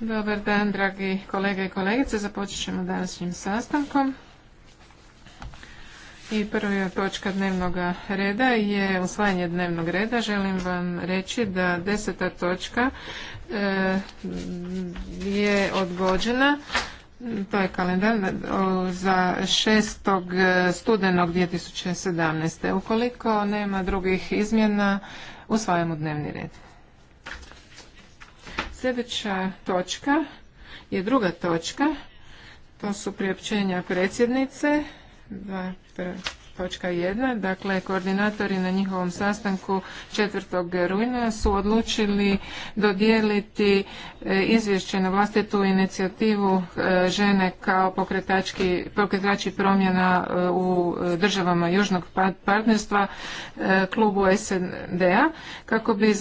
Dobar dan, dragi kolege i kolegice. Započet ćemo današnjim sastankom. I prva točka dnevnog reda je usvajanje dnevnog reda. Želim vam reći da deseta točka eh, je odgođena. To je kalendar eh, za 6. Eh, studenog 2017. Ukoliko nema drugih izmjena, usvajamo dnevni red. Sljedeća točka je druga točka. To su priopćenja predsjednice. Dva, točka 1. Dakle, koordinatori na njihovom sastanku 4. rujna su odlučili dodijeliti e, izvješće na vlastitu inicijativu e, žene kao pokretački, pokretači promjena e, u državama Južnog pa-, partnerstva klubu SND-a kako bi,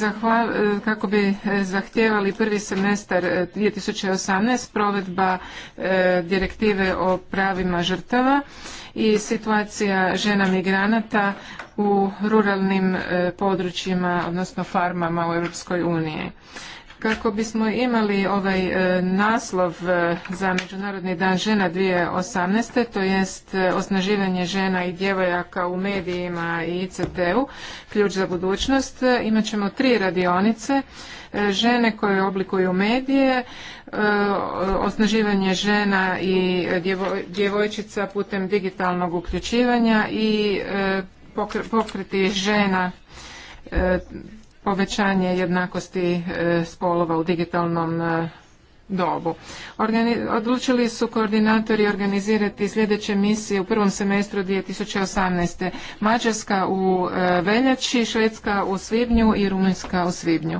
kako bi zahtjevali prvi semestar 2018 provedba direktive o pravima žrtava i situacija žena migranata u ruralnim e, područjima, odnosno farmama u Europskoj uniji. Kako bismo imali ovaj e, naslov e, za Međunarodni dan žena 2018. to jest osnaživanje žena i djevojaka u medijima i ICT-u, ključ za budućnost, imat ćemo tri radionice, žene koje oblikuju medije, E, osnaživanje žena i djevojčica putem digitalnog uključivanja i e, pokriti žena e, povećanje jednakosti spolova u digitalnom dobu. odlučili su koordinatori organizirati sljedeće misije u prvom semestru 2018. Mađarska u veljači, Švedska u svibnju i Rumunjska u svibnju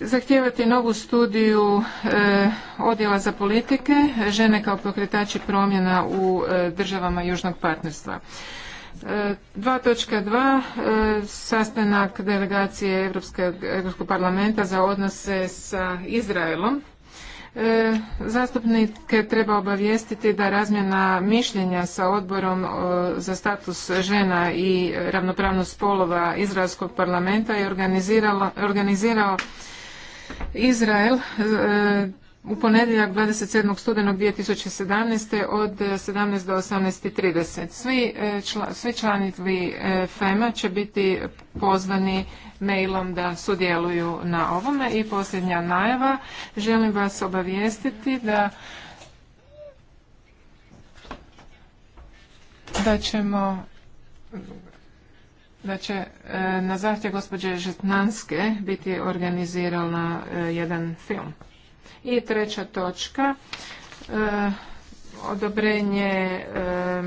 zahtijevati novu studiju e, odjela za politike žene kao pokretači promjena u e, državama južnog partnerstva. 2.2 e, sastanak delegacije Europskog parlamenta za odnose sa Izraelom E, zastupnike treba obavijestiti da razmjena mišljenja sa odborom e, za status žena i ravnopravnost spolova Izraelskog parlamenta je organizirao Izrael e, u ponedjeljak 27. studenog 2017. od 17. do 18.30. Svi, e, čla, svi članovi e, FEMA će biti pozvani mailom da sudjeluju na ovome. I posljednja najava, želim vas obavijestiti da da ćemo da će e, na zahtje gospođe Žetnanske biti organizirana jedan film. I treća točka, e, odobrenje e,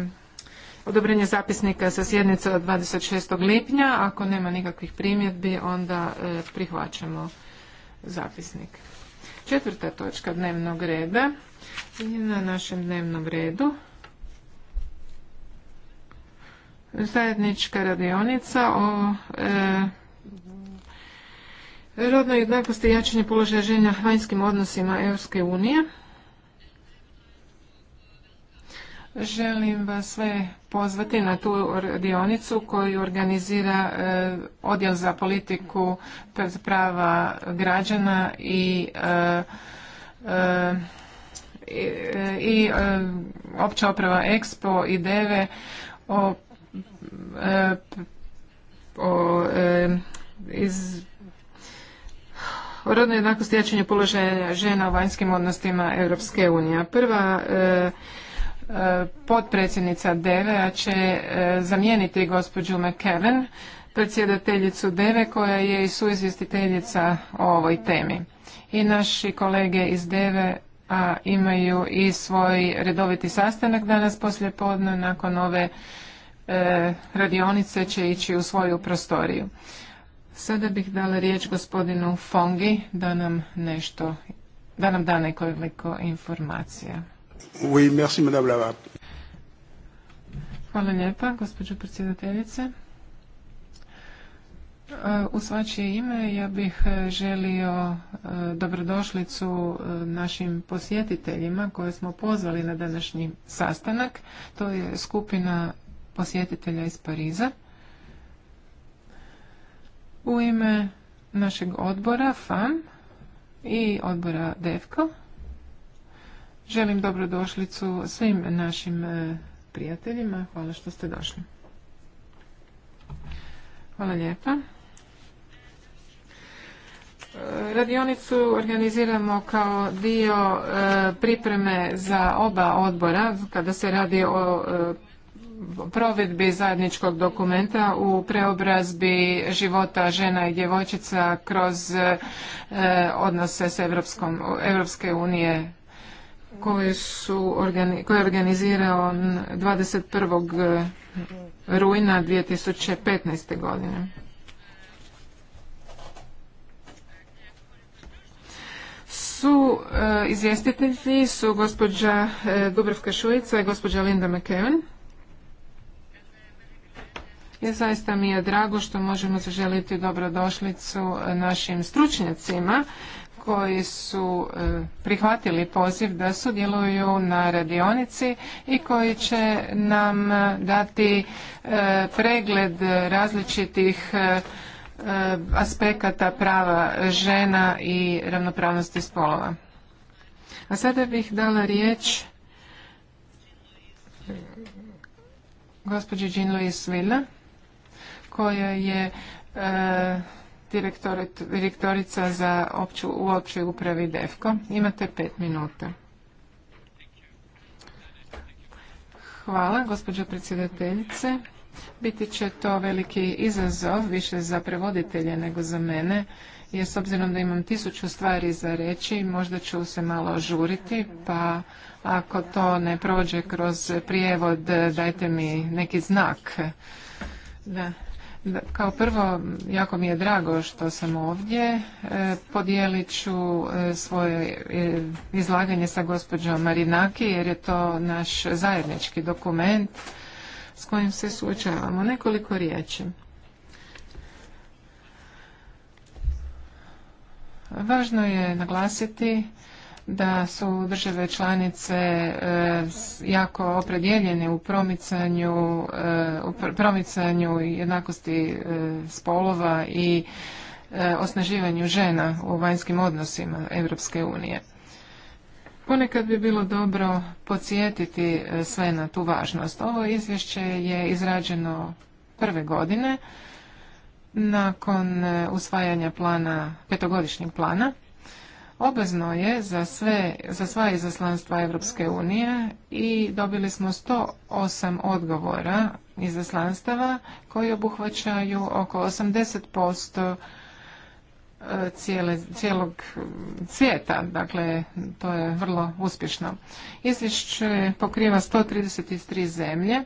odobrenje zapisnika sa sjednice od 26. lipnja. Ako nema nikakvih primjedbi, onda e, prihvaćamo zapisnik. Četvrta točka dnevnog reda I na našem dnevnom redu. Zajednička radionica o Rodna jednakost i jačanje položaja žena vanjskim odnosima Europske unije. Želim vas sve pozvati na tu radionicu koju organizira eh, Odjel za politiku prava građana i eh, eh, i, opća oprava Expo i Deve o, o iz o rodnoj jednakosti jačanju položaja žena u vanjskim odnosima Europske unije. Prva eh, eh, potpredsjednica DEVE-a će eh, zamijeniti gospođu McKeven, predsjedateljicu DEVE koja je i suizvjestiteljica o ovoj temi. I naši kolege iz DEVE a imaju i svoj redoviti sastanak danas poslje podne nakon ove radionice će ići u svoju prostoriju. Sada bih dala riječ gospodinu Fongi da nam nešto, da nam da nekoliko informacija. Oui, merci, Hvala lijepa, gospođo predsjedateljice. E, u svačije ime ja bih e, želio e, dobrodošlicu našim posjetiteljima koje smo pozvali na današnji sastanak. To je skupina posjetitelja iz Pariza. U ime našeg odbora FAM i odbora DEVKO želim dobrodošlicu svim našim e, prijateljima. Hvala što ste došli. Hvala lijepa. E, radionicu organiziramo kao dio e, pripreme za oba odbora kada se radi o provedbi zajedničkog dokumenta u preobrazbi života žena i djevojčica kroz e, odnose s Evropskom, Evropske unije koje, su, koje je organizirao 21. rujna 2015. godine. su e, su gospođa e, Dubrovka i gospođa Linda McKeown. I zaista mi je drago što možemo zaželiti dobrodošlicu našim stručnjacima koji su e, prihvatili poziv da sudjeluju na radionici i koji će nam dati e, pregled različitih e, aspekata prava žena i ravnopravnosti spolova. A sada bih dala riječ gospođi Jean-Louise Villa koja je e, direktorica za opću, u općoj upravi DEFKO. Imate pet minuta. Hvala, gospođo predsjedateljice. Biti će to veliki izazov, više za prevoditelje nego za mene, jer s obzirom da imam tisuću stvari za reći, možda ću se malo žuriti, pa ako to ne prođe kroz prijevod, dajte mi neki znak. Da, kao prvo, jako mi je drago što sam ovdje. E, podijelit ću e, svoje e, izlaganje sa gospođom Marinaki jer je to naš zajednički dokument s kojim se suočavamo. Nekoliko riječi. Važno je naglasiti da su države članice e, jako opredjeljene u promicanju, e, u promicanju jednakosti e, spolova i osnaživanju žena u vanjskim odnosima Europske unije. Ponekad bi bilo dobro podsjetiti sve na tu važnost. Ovo izvješće je izrađeno prve godine nakon usvajanja plana, petogodišnjeg plana Obvezno je za, sve, za sva izaslanstva Europske unije i dobili smo 108 odgovora izaslanstava koji obuhvaćaju oko 80% e, cijelog svijeta. Dakle, to je vrlo uspješno. Izvješće pokriva 133 zemlje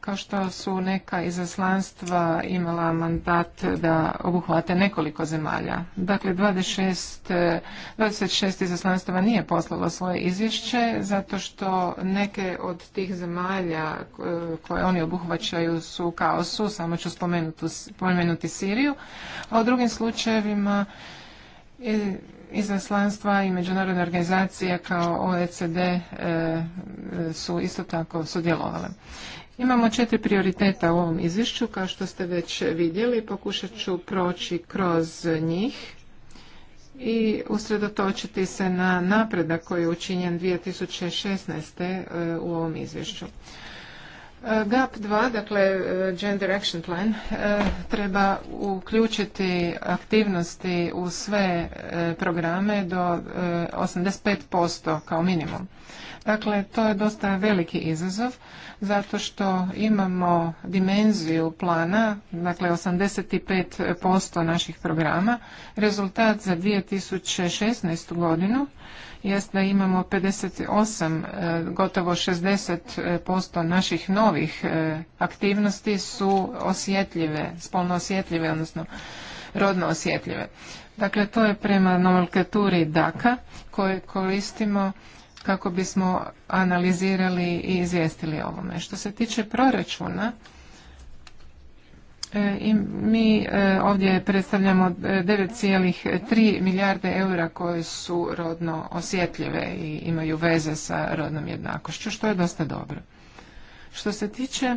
kao što su neka izaslanstva imala mandat da obuhvate nekoliko zemalja. Dakle, 26, 26 izaslanstava nije poslalo svoje izvješće zato što neke od tih zemalja e, koje oni obuhvaćaju su u kaosu, samo ću spomenuti, Siriju, a u drugim slučajevima e, izaslanstva i međunarodne organizacije kao OECD e, su isto tako sudjelovale. Imamo četiri prioriteta u ovom izvješću, kao što ste već vidjeli. Pokušat ću proći kroz njih i usredotočiti se na napredak koji je učinjen 2016. E, u ovom izvješću. E, GAP 2, dakle e, Gender Action Plan, treba uključiti aktivnosti u sve programe do 85% kao minimum. Dakle, to je dosta veliki izazov zato što imamo dimenziju plana, dakle 85% naših programa. Rezultat za 2016. godinu jest da imamo 58, e, gotovo 60% naših novih e, aktivnosti su osjetljive, spolno osjetljive, odnosno rodno osjetljive. Dakle, to je prema nomenklaturi DAKA koje koristimo kako bismo analizirali i izvijestili ovome. Što se tiče proračuna, e, mi e, ovdje predstavljamo 9,3 e, milijarde eura koje su rodno osjetljive i imaju veze sa rodnom jednakošću, što je dosta dobro. Što se tiče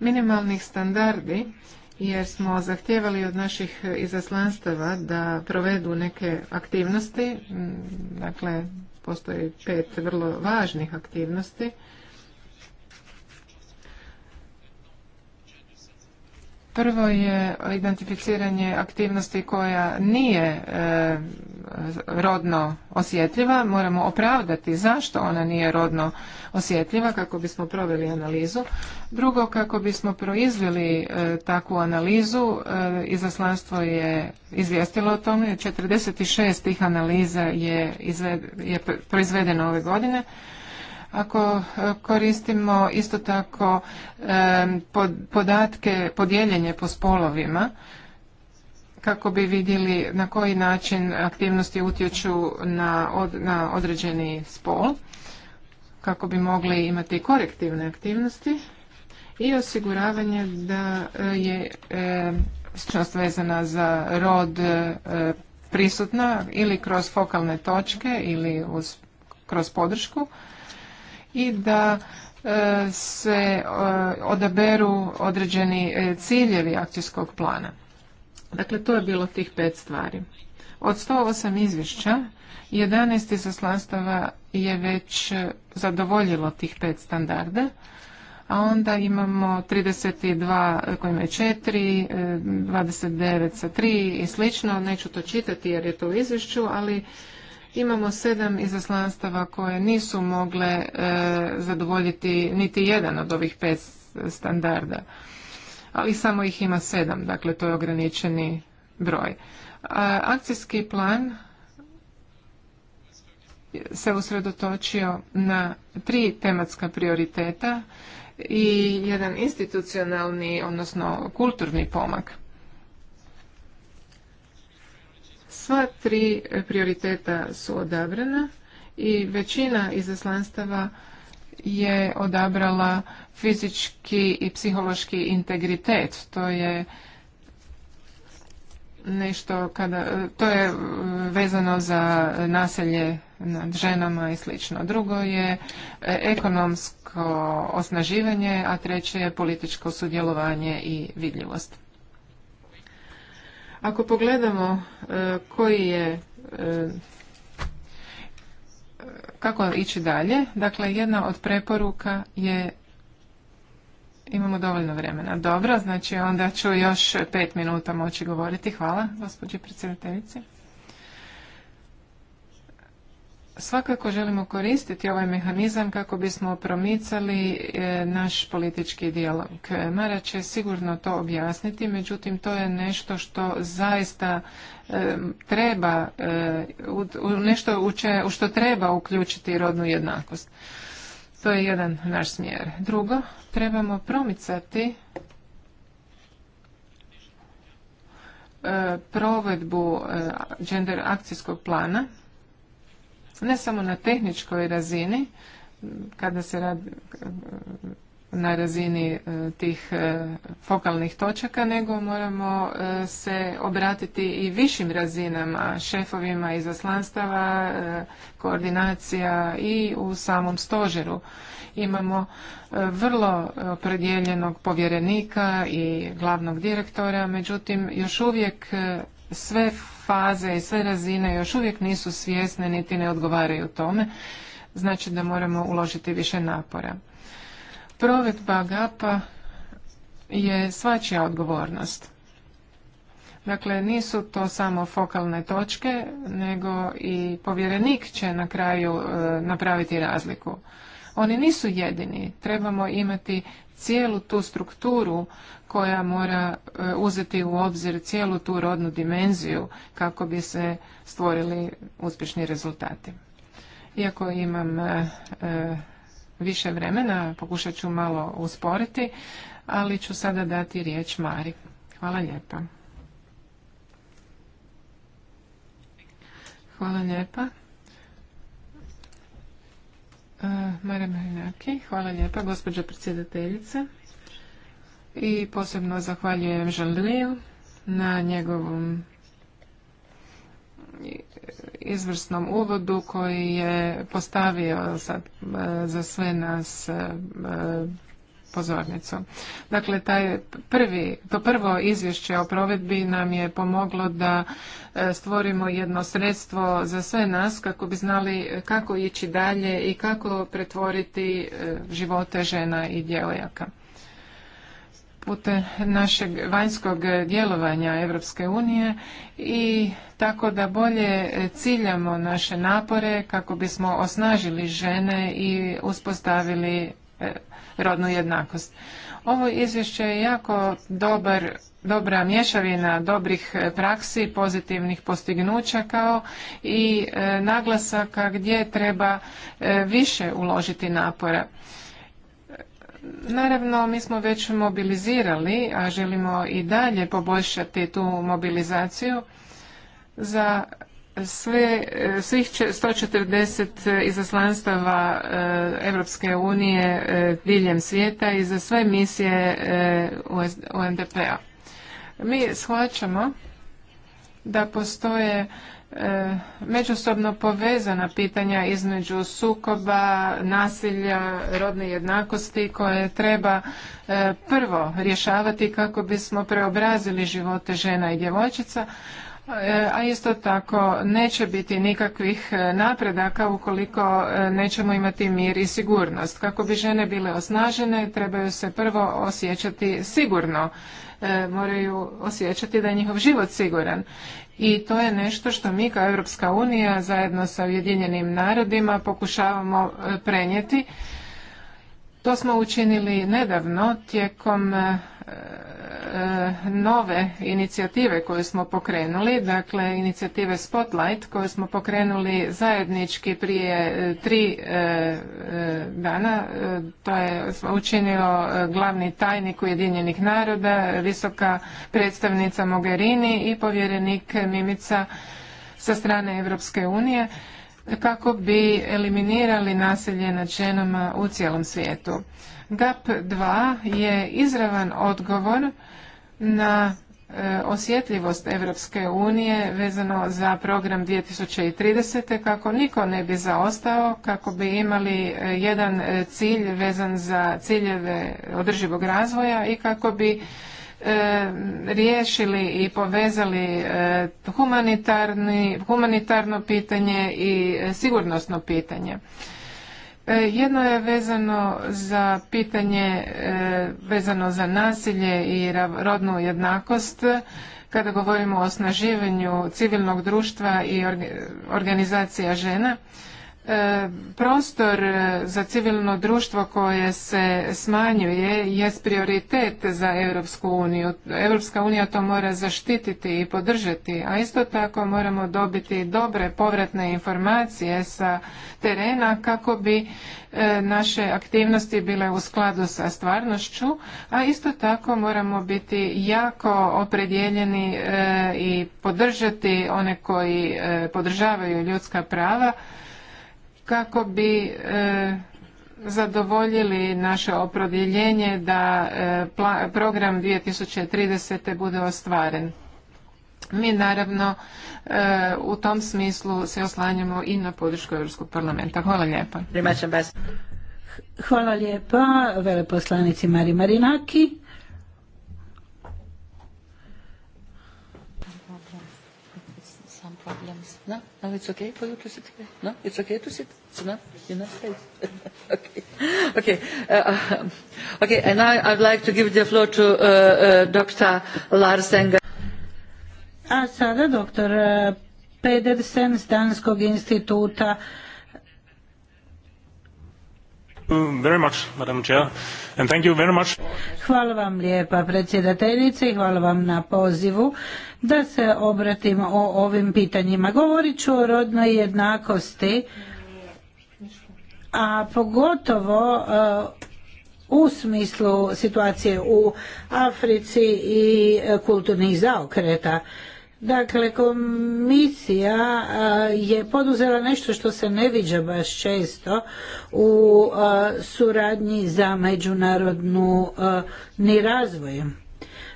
minimalnih standardi, jer smo zahtjevali od naših izaslanstava da provedu neke aktivnosti, dakle postoji pet vrlo važnih aktivnosti Prvo je identificiranje aktivnosti koja nije e, rodno osjetljiva. Moramo opravdati zašto ona nije rodno osjetljiva kako bismo proveli analizu. Drugo, kako bismo proizveli e, takvu analizu, e, izaslanstvo je izvijestilo o tome. 46 tih analiza je, je proizvedeno ove godine ako e, koristimo isto tako e, podatke, podijeljenje po spolovima, kako bi vidjeli na koji način aktivnosti utječu na, na određeni spol, kako bi mogli imati korektivne aktivnosti i osiguravanje da e, je e, vezana za rod prisutna ili kroz fokalne točke ili uz, kroz podršku i da e, se e, odaberu određeni e, ciljevi akcijskog plana. Dakle, to je bilo tih pet stvari. Od 108 izvješća, 11 izaslanstava je već zadovoljilo tih pet standarda, a onda imamo 32 kojima je 4, 29 sa 3 i slično. Neću to čitati jer je to u izvješću, ali Imamo sedam izaslanstava koje nisu mogle e, zadovoljiti niti jedan od ovih pet standarda, ali samo ih ima sedam, dakle to je ograničeni broj. E, akcijski plan se usredotočio na tri tematska prioriteta i jedan institucionalni, odnosno kulturni pomak. Sva tri prioriteta su odabrana i većina izaslanstava je odabrala fizički i psihološki integritet. To je nešto kada, to je vezano za naselje nad ženama i slično. Drugo je e, ekonomsko osnaživanje, a treće je političko sudjelovanje i vidljivost. Ako pogledamo e, koji je e, kako ići dalje, dakle jedna od preporuka je imamo dovoljno vremena. Dobro, znači onda ću još pet minuta moći govoriti. Hvala, gospođi predsjedateljice. Svakako želimo koristiti ovaj mehanizam kako bismo promicali e, naš politički dijalog. Mara će sigurno to objasniti, međutim to je nešto što zaista e, treba, e, nešto što treba uključiti rodnu jednakost. To je jedan naš smjer. Drugo, trebamo promicati provedbu gender akcijskog plana ne samo na tehničkoj razini, kada se radi na razini e, tih e, fokalnih točaka, nego moramo e, se obratiti i višim razinama, šefovima izaslanstava, koordinacija i u samom stožeru. Imamo vrlo predjeljenog povjerenika i glavnog direktora, međutim još uvijek sve faze i sve razine još uvijek nisu svjesne niti ne odgovaraju tome, znači da moramo uložiti više napora. Provedba GAPA je svačija odgovornost. Dakle, nisu to samo fokalne točke, nego i povjerenik će na kraju e, napraviti razliku. Oni nisu jedini. Trebamo imati cijelu tu strukturu koja mora e, uzeti u obzir cijelu tu rodnu dimenziju kako bi se stvorili uspješni rezultati. Iako imam e, e, više vremena, pokušat ću malo usporiti, ali ću sada dati riječ Mari. Hvala lijepa. Hvala lijepa. E, Mara Marinaki, hvala lijepa gospođa predsjedateljice i posebno zahvaljujem Žalil na njegovom izvrsnom uvodu koji je postavio sad e, za sve nas e, pozornicu. Dakle, taj prvi, to prvo izvješće o provedbi nam je pomoglo da e, stvorimo jedno sredstvo za sve nas kako bi znali kako ići dalje i kako pretvoriti e, živote žena i djevojaka putem našeg vanjskog djelovanja Europske unije i tako da bolje ciljamo naše napore kako bismo osnažili žene i uspostavili E, rodnu jednakost. Ovo izvješće je jako dobar, dobra mješavina dobrih praksi, pozitivnih postignuća kao i e, naglasaka gdje treba e, više uložiti napora. Naravno, mi smo već mobilizirali, a želimo i dalje poboljšati tu mobilizaciju za sve, e, svih 140 e, izaslanstava Europske unije e, diljem svijeta i za sve misije UNDP-a. Mi shvaćamo da postoje međusobno povezana pitanja između sukoba, nasilja, rodne jednakosti koje treba prvo rješavati kako bismo preobrazili živote žena i djevojčica, E, a isto tako neće biti nikakvih e, napredaka ukoliko e, nećemo imati mir i sigurnost. Kako bi žene bile osnažene, trebaju se prvo osjećati sigurno, moraju osjećati da je njihov život siguran. I to je nešto što mi kao Europska unija zajedno sa Ujedinjenim narodima pokušavamo prenijeti. To smo učinili nedavno tijekom E, nove inicijative koje smo pokrenuli, dakle inicijative Spotlight koje smo pokrenuli zajednički prije e, tri e, dana. To je učinilo glavni tajnik Ujedinjenih naroda, visoka predstavnica Mogherini i povjerenik Mimica sa strane Europske unije kako bi eliminirali nasilje nad ženama u cijelom svijetu. GAP 2 je izravan odgovor na e, osjetljivost Europske unije vezano za program 2030. kako niko ne bi zaostao, kako bi imali e, jedan e, cilj vezan za ciljeve održivog razvoja i kako bi riješili i povezali humanitarno pitanje i sigurnosno pitanje. E, jedno je vezano za pitanje e, vezano za nasilje i rodnu jednakost kada govorimo o osnaživanju civilnog društva i organizacija žena. E, prostor e, za civilno društvo koje se smanjuje je prioritet za Europsku uniju. Europska unija to mora zaštititi i podržati, a isto tako moramo dobiti dobre povratne informacije sa terena kako bi e, naše aktivnosti bile u skladu sa stvarnošću, a isto tako moramo biti jako opredjeljeni i podržati one koji podržavaju ljudska prava kako bi e, zadovoljili naše oprodjeljenje da e, program 2030. bude ostvaren. Mi naravno e, u tom smislu se oslanjamo i na podršku Europskog parlamenta. Hvala lijepa. Hvala lijepa veleposlanici Mari Marinaki. No, no, it's okay for you to sit here. No, it's okay to sit. It's enough. Enough space. okay. Okay. Uh, um, okay. And now I'd like to give the floor to uh, uh, Dr. Lars Enger. A sada doktor uh, Pedersen s Danskog instituta Hvala vam lijepa predsjedateljice i hvala vam na pozivu da se obratim o ovim pitanjima. Govorit ću o rodnoj jednakosti, a pogotovo e, u smislu situacije u Africi i e, kulturnih zaokreta. Dakle, komisija je poduzela nešto što se ne viđa baš često u suradnji za međunarodnu ni razvoj.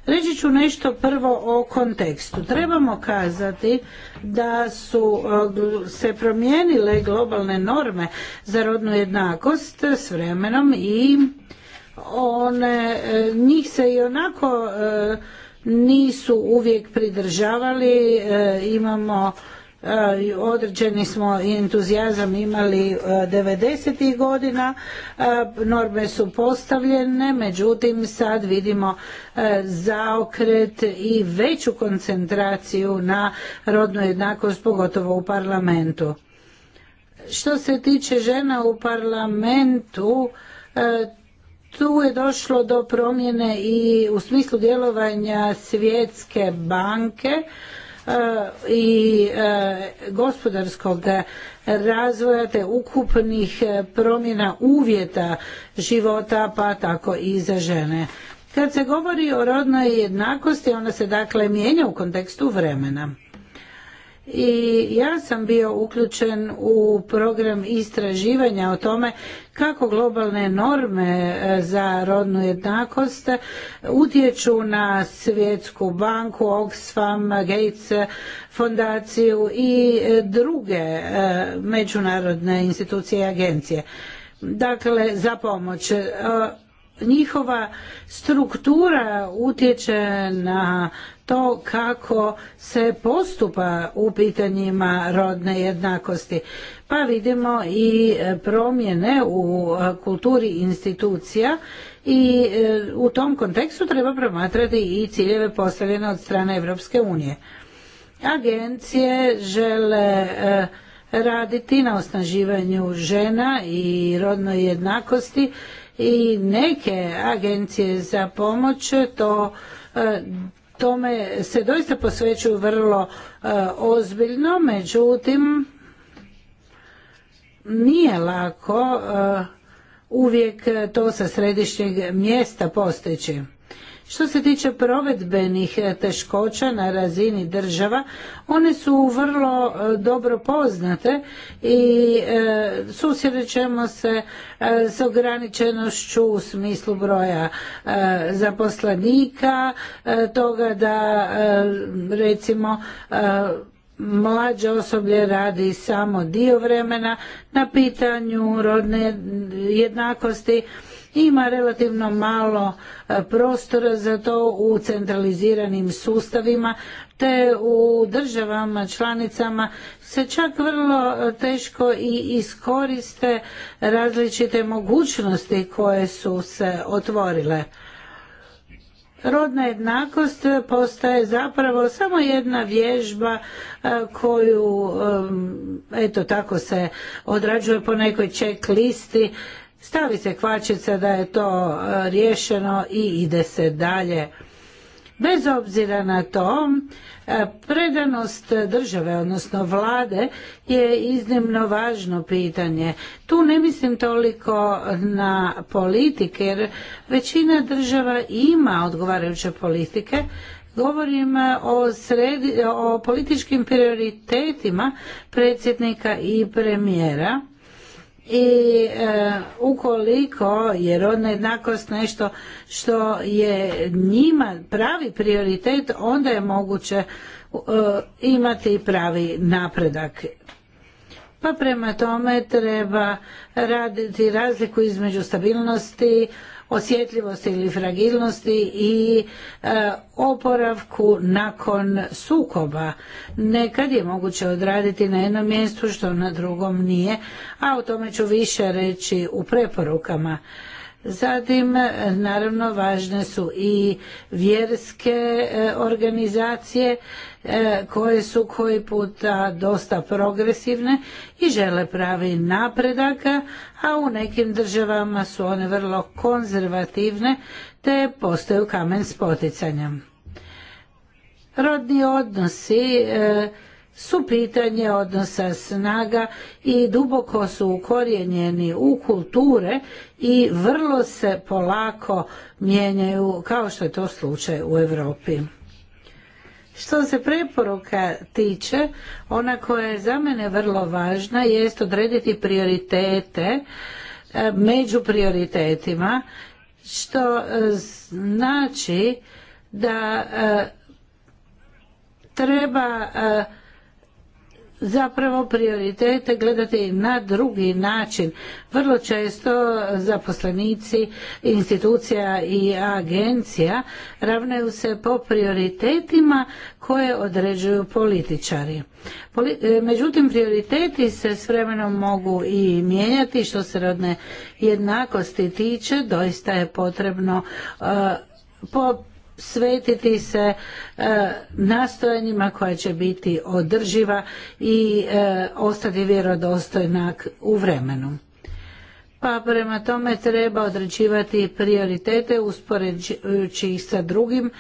Reći ću nešto prvo o kontekstu. Trebamo kazati da su se promijenile globalne norme za rodnu jednakost s vremenom i one, e, njih se i onako e, nisu uvijek pridržavali. E, imamo e, određeni smo entuzijazam imali 90. E, godina, norme su postavljene, međutim sad vidimo zaokret i veću koncentraciju na rodnu jednakost, pogotovo u parlamentu. Što se tiče žena u parlamentu, tu je došlo do promjene i u smislu djelovanja svjetske banke e, i e, gospodarskog razvoja te ukupnih e, promjena uvjeta života pa tako i za žene. Kad se govori o rodnoj jednakosti ona se dakle mijenja u kontekstu vremena i ja sam bio uključen u program istraživanja o tome kako globalne norme e, za rodnu jednakost e, utječu na svjetsku banku, Oxfam, Gates e, fondaciju i druge međunarodne institucije i agencije. Dakle, za pomoć njihova struktura utječe na to kako se postupa u pitanjima rodne jednakosti. Pa vidimo i promjene u kulturi institucija i e, u tom kontekstu treba promatrati i ciljeve postavljene od strane Europske unije. Agencije žele e, raditi na osnaživanju žena i rodnoj jednakosti i neke agencije za pomoć to e, tome se doista posvećuju vrlo e, ozbiljno međutim nije lako e, uvijek to sa središnjeg mjesta postići što se tiče provedbenih eh, teškoća na razini država, one su vrlo eh, dobro poznate i eh, susrećemo se s ograničenošću u smislu broja zaposlenika, toga da recimo mlađe osoblje radi samo dio vremena na pitanju rodne jednakosti ima relativno malo e, prostora za to u centraliziranim sustavima, te u državama članicama se čak vrlo e, teško i iskoriste različite mogućnosti koje su se otvorile. Rodna jednakost postaje zapravo samo jedna vježba e, koju eto tako se odrađuje po nekoj ček listi stavi se kvačica da je to e, riješeno i ide se dalje. Bez obzira na to, e, predanost države, odnosno vlade, je iznimno važno pitanje. Tu ne mislim toliko na politike, jer većina država ima odgovarajuće politike, govorim o, o političkim prioritetima predsjednika i premijera i e, ukoliko je rodna jednakost nešto što je njima pravi prioritet onda je moguće e, imati pravi napredak pa prema tome treba raditi razliku između stabilnosti osjetljivosti ili fragilnosti i e, oporavku nakon sukoba. Nekad je moguće odraditi na jednom mjestu što na drugom nije, a o tome ću više reći u preporukama. Zatim, e, naravno, važne su i vjerske e, organizacije e, koje su koji puta dosta progresivne i žele pravi napredak, a u nekim državama su one vrlo konzervativne te postaju kamen spoticanja. Rodni odnosi su pitanje odnosa snaga i duboko su ukorijenjeni u kulture i vrlo se polako mijenjaju kao što je to slučaj u Europi. Što se preporuka tiče, ona koja je za mene vrlo važna jest odrediti prioritete e, među prioritetima, što e, znači da e, treba zapravo prioritete gledati na drugi način. Vrlo često zaposlenici institucija i agencija ravnaju se po prioritetima koje određuju političari. E, međutim, prioriteti se s vremenom mogu i mijenjati što se rodne jednakosti tiče, doista je potrebno e, po Svetiti se e, nastojanjima koja će biti održiva i e, ostati vjerodostojna u vremenu pa prema tome treba određivati prioritete uspoređujući ih sa drugim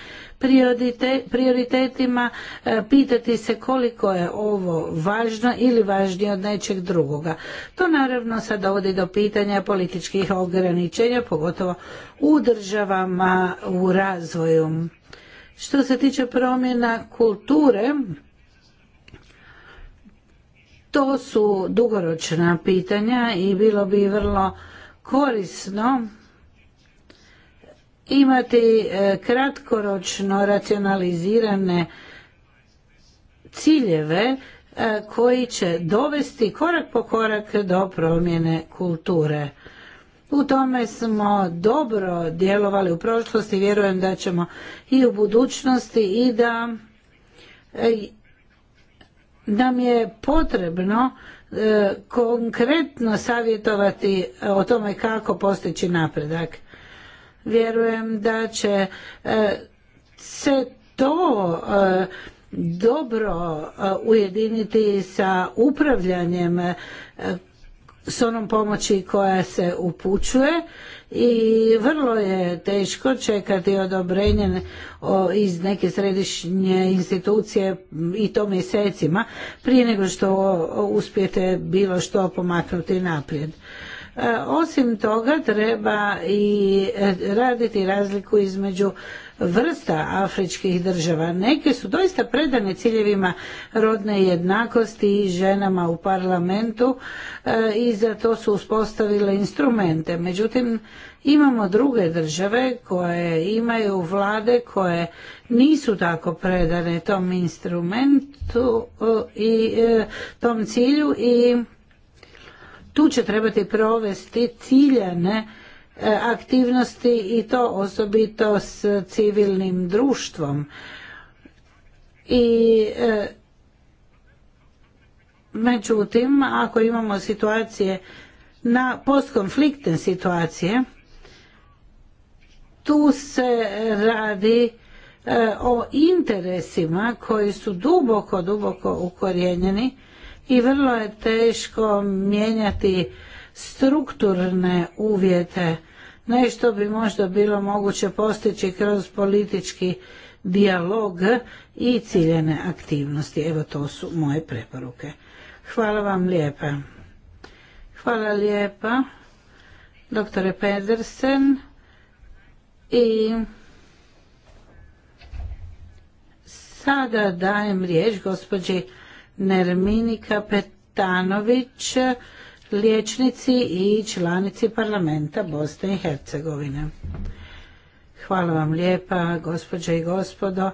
prioritetima, e, pitati se koliko je ovo važno ili važnije od nečeg drugoga. To naravno sad dovodi do pitanja političkih ograničenja, pogotovo u državama u razvoju. Što se tiče promjena kulture, to su dugoročna pitanja i bilo bi vrlo korisno imati e, kratkoročno racionalizirane ciljeve e, koji će dovesti korak po korak do promjene kulture. U tome smo dobro djelovali u prošlosti, vjerujem da ćemo i u budućnosti i da e, nam je potrebno e, konkretno savjetovati o tome kako postići napredak. Vjerujem da će e, se to e, dobro ujediniti sa upravljanjem s onom pomoći koja se upućuje i vrlo je teško čekati odobrenje iz neke središnje institucije i to mjesecima prije nego što uspijete bilo što pomaknuti naprijed. E, osim toga treba i e, raditi razliku između vrsta afričkih država. Neke su doista predane ciljevima rodne jednakosti i ženama u parlamentu e, i za to su uspostavile instrumente. Međutim, imamo druge države koje imaju vlade koje nisu tako predane tom instrumentu e, i e, tom cilju i tu će trebati provesti ciljane E, aktivnosti i to osobito s civilnim društvom. I e, međutim, ako imamo situacije na postkonfliktne situacije, tu se radi e, o interesima koji su duboko, duboko ukorijenjeni i vrlo je teško mijenjati strukturne uvjete nešto bi možda bilo moguće postići kroz politički dijalog i ciljene aktivnosti. Evo to su moje preporuke. Hvala vam lijepa. Hvala lijepa, doktore Pedersen. I sada dajem riječ gospođi Nermini Kapetanović liječnici i članici parlamenta Bosne i Hercegovine. Hvala vam lijepa, gospođe i gospodo.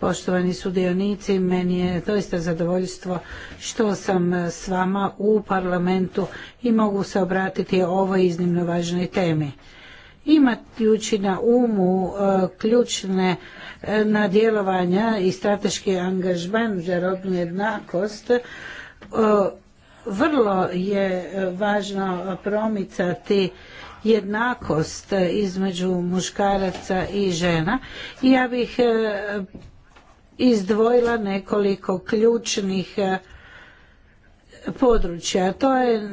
Poštovani sudionici, meni je doista zadovoljstvo što sam s vama u parlamentu i mogu se obratiti o ovoj iznimno važnoj temi. Imajući na umu e, ključne e, nadjelovanja i strateški angažman za rodnu jednakost, e, vrlo je e, važno promicati jednakost između muškaraca i žena ja bih e, izdvojila nekoliko ključnih e, područja. To je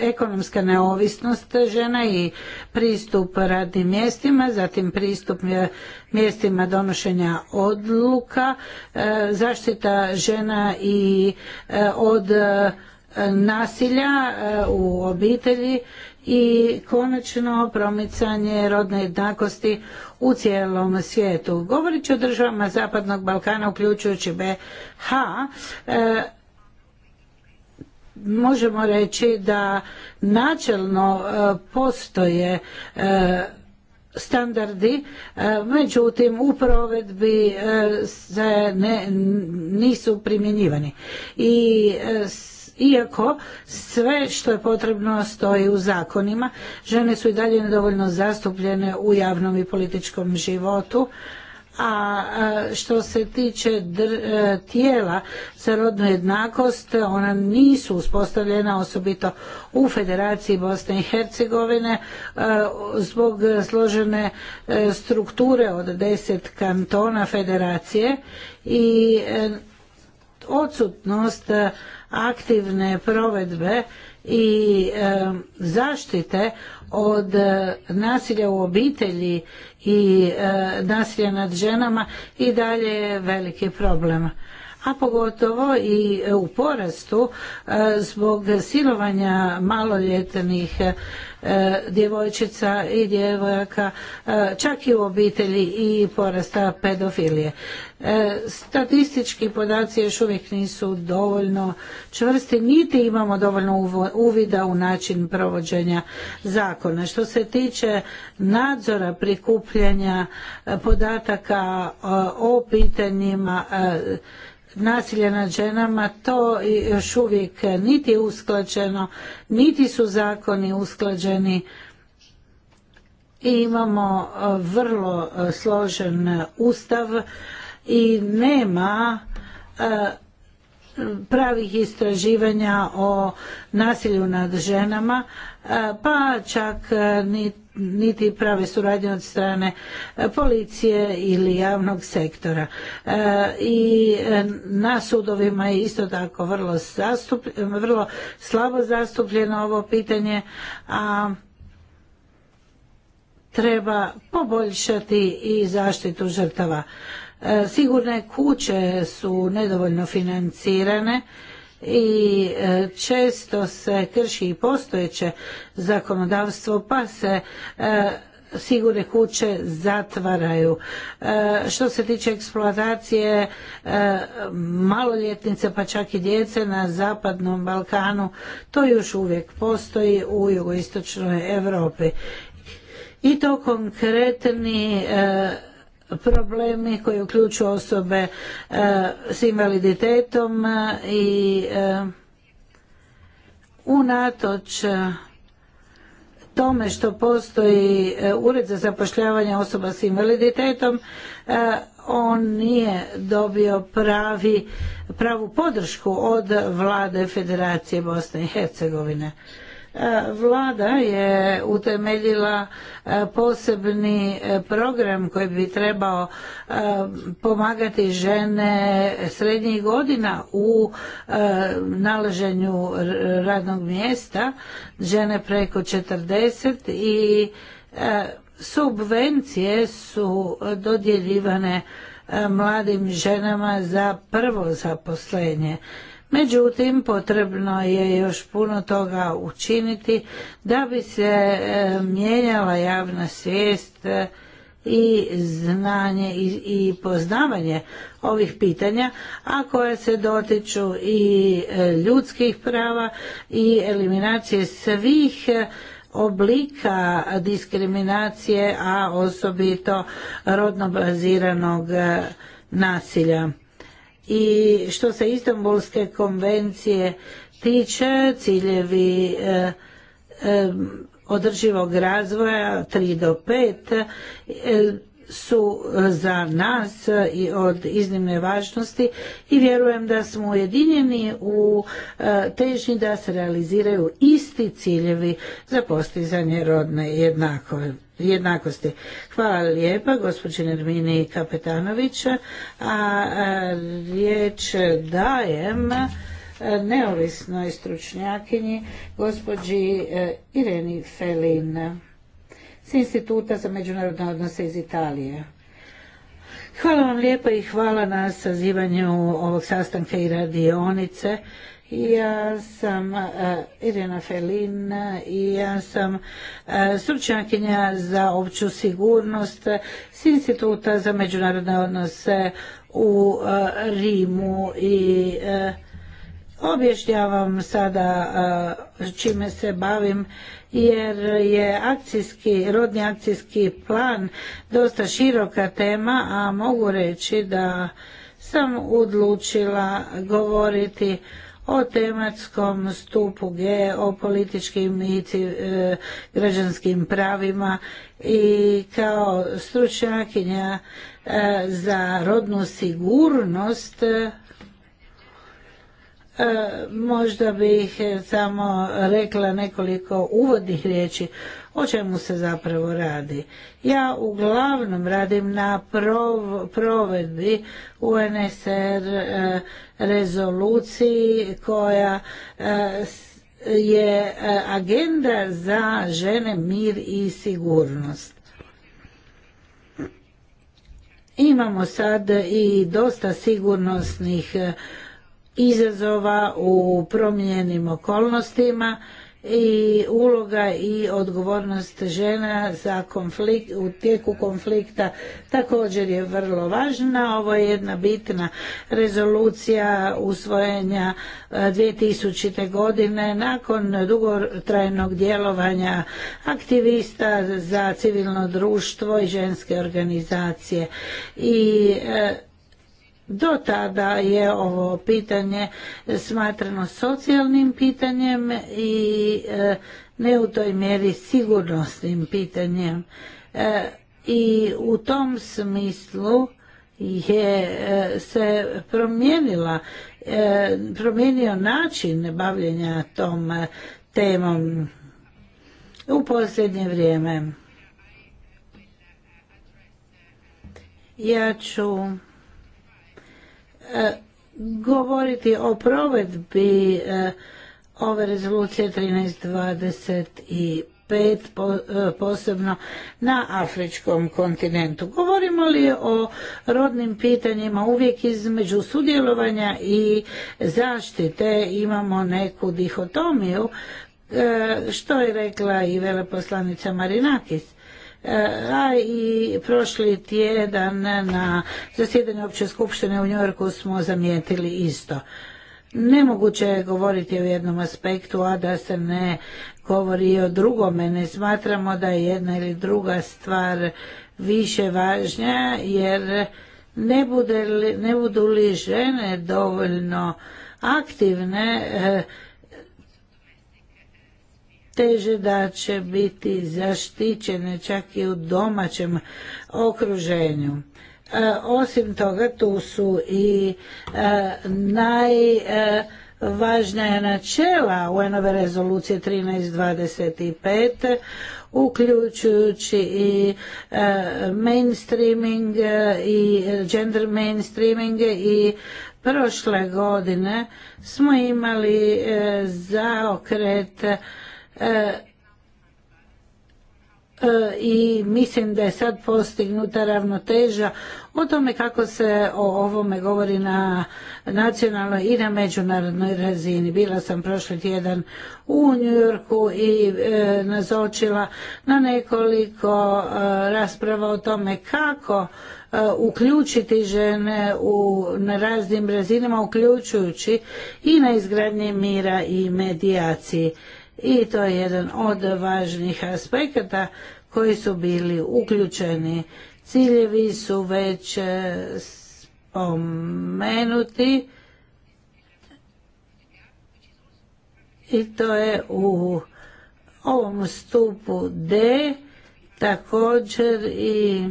ekonomska neovisnost žena i pristup radnim mjestima, zatim pristup mjestima donošenja odluka, zaštita žena i od nasilja e, u obitelji i konačno promicanje rodne jednakosti u cijelom svijetu. Govorit ću o državama Zapadnog Balkana uključujući BH, e, možemo reći da načelno e, postoje standardi, međutim u provedbi nisu primjenjivani. I iako sve što je potrebno stoji u zakonima. Žene su i dalje nedovoljno zastupljene u javnom i političkom životu a što se tiče e, tijela za rodnu jednakost ona nisu uspostavljena osobito u Federaciji Bosne i Hercegovine e, zbog složene e, strukture od deset kantona federacije i odsutnost e, aktivne provedbe i e, zaštite od e, nasilja u obitelji i nasilja nad ženama i dalje je veliki problem a pogotovo i u porastu zbog silovanja maloljetnih E, djevojčica i djevojaka, e, čak i u obitelji i porasta pedofilije. E, statistički podaci još uvijek nisu dovoljno čvrsti, niti imamo dovoljno uvida u način provođenja zakona. Što se tiče nadzora prikupljanja podataka o pitanjima nasilje nad ženama to još uvijek niti usklađeno, niti su zakoni usklađeni i imamo e, vrlo e, složen ustav i nema e, pravih istraživanja o nasilju nad ženama, pa čak ni niti prave suradnje od strane e, policije ili javnog sektora. E, I e, na sudovima je isto tako vrlo, vrlo slabo zastupljeno ovo pitanje, a treba poboljšati i zaštitu žrtava. Sigurne kuće su nedovoljno financirane i e, često se krši i postojeće zakonodavstvo pa se e, sigurne kuće zatvaraju. E, što se tiče eksploatacije maloljetnice pa čak i djece na zapadnom Balkanu, to još uvijek postoji u jugoistočnoj Europi. I to konkretni problemi koji uključuju osobe e, s invaliditetom e, i e, unatoč tome što postoji ured za zapošljavanje osoba s invaliditetom on nije dobio pravi pravu podršku od vlade Federacije Bosne i Hercegovine E, Vlada je utemeljila e, posebni e, program koji bi trebao pomagati žene srednjih godina u nalaženju radnog mjesta, žene preko 40 i subvencije su dodjeljivane mladim ženama za prvo zaposlenje Međutim, potrebno je još puno toga učiniti da bi se e, mijenjala javna svijest e, i znanje i poznavanje ovih pitanja, a koje se dotiču i e, ljudskih prava i eliminacije svih oblika diskriminacije, a osobito rodno baziranog nasilja i što se Istanbulske konvencije tiče, ciljevi e, e, održivog razvoja 3 do 5 su e, za nas e, i od iznimne važnosti i vjerujem da smo ujedinjeni u e, težnji da se realiziraju isti ciljevi za postizanje rodne jednakosti. Hvala lijepa gospođi Nermini kapetanovića, a riječ dajem neovisnoj stručnjakinji gospođi Ireni Felin s Instituta za međunarodne odnose iz Italije. Hvala vam lijepa i hvala na sazivanju ovog sastanka i radionice. Ja sam e, Irena Felin i ja sam e, stručnjakinja za opću sigurnost s Instituta za međunarodne odnose u e, Rimu i objašnjavam sada čime se bavim jer je akcijski, rodni akcijski plan dosta široka tema, a mogu reći da sam odlučila govoriti o tematskom stupu G, o političkim i e, građanskim pravima i kao stručnjakinja e, za rodnu sigurnost E, možda bih e, samo rekla nekoliko uvodnih riječi o čemu se zapravo radi. Ja uglavnom radim na provedbi UNSR e, rezoluciji koja je agenda za žene, mir i sigurnost. Imamo sad i dosta sigurnosnih izazova u promijenim okolnostima i uloga i odgovornost žena za konflikt, u tijeku konflikta također je vrlo važna. Ovo je jedna bitna rezolucija usvojenja 2000. E, godine nakon dugotrajnog djelovanja aktivista za civilno društvo i ženske organizacije. I e, do tada je ovo pitanje smatrano socijalnim pitanjem i e, ne u toj mjeri sigurnosnim pitanjem. E, I u tom smislu je e, se promijenila, promijenio način bavljenja tom temom u posljednje vrijeme. Ja ću E, govoriti o provedbi e, ove rezolucije 1325 e, posebno na afričkom kontinentu. Govorimo li o rodnim pitanjima uvijek između sudjelovanja i zaštite imamo neku dihotomiju što je rekla i veleposlanica Marinakis E, a i prošli tjedan na zasjedanju opće skupštine u Njorku smo zamijetili isto. Nemoguće je govoriti o jednom aspektu, a da se ne govori o drugome. Ne smatramo da je jedna ili druga stvar više važnja, jer ne, bude li, ne budu li žene dovoljno aktivne, e, teže da će biti zaštićene čak i u domaćem okruženju. E, osim toga tu su i e, najvažnija e, načela u ove rezolucije 1325 uključujući i mainstreaming i gender mainstreaming i prošle godine smo imali zaokret E, e, i mislim da je sad postignuta ravnoteža o tome kako se o ovome govori na nacionalnoj i na međunarodnoj razini. Bila sam prošli tjedan u Yorku i e, nazočila na nekoliko rasprava o tome kako uključiti žene na raznim razinama, uključujući i na izgradnje mira i medijacije i to je jedan od važnih aspekata koji su bili uključeni. Ciljevi su već e, spomenuti i to je u ovom stupu D također i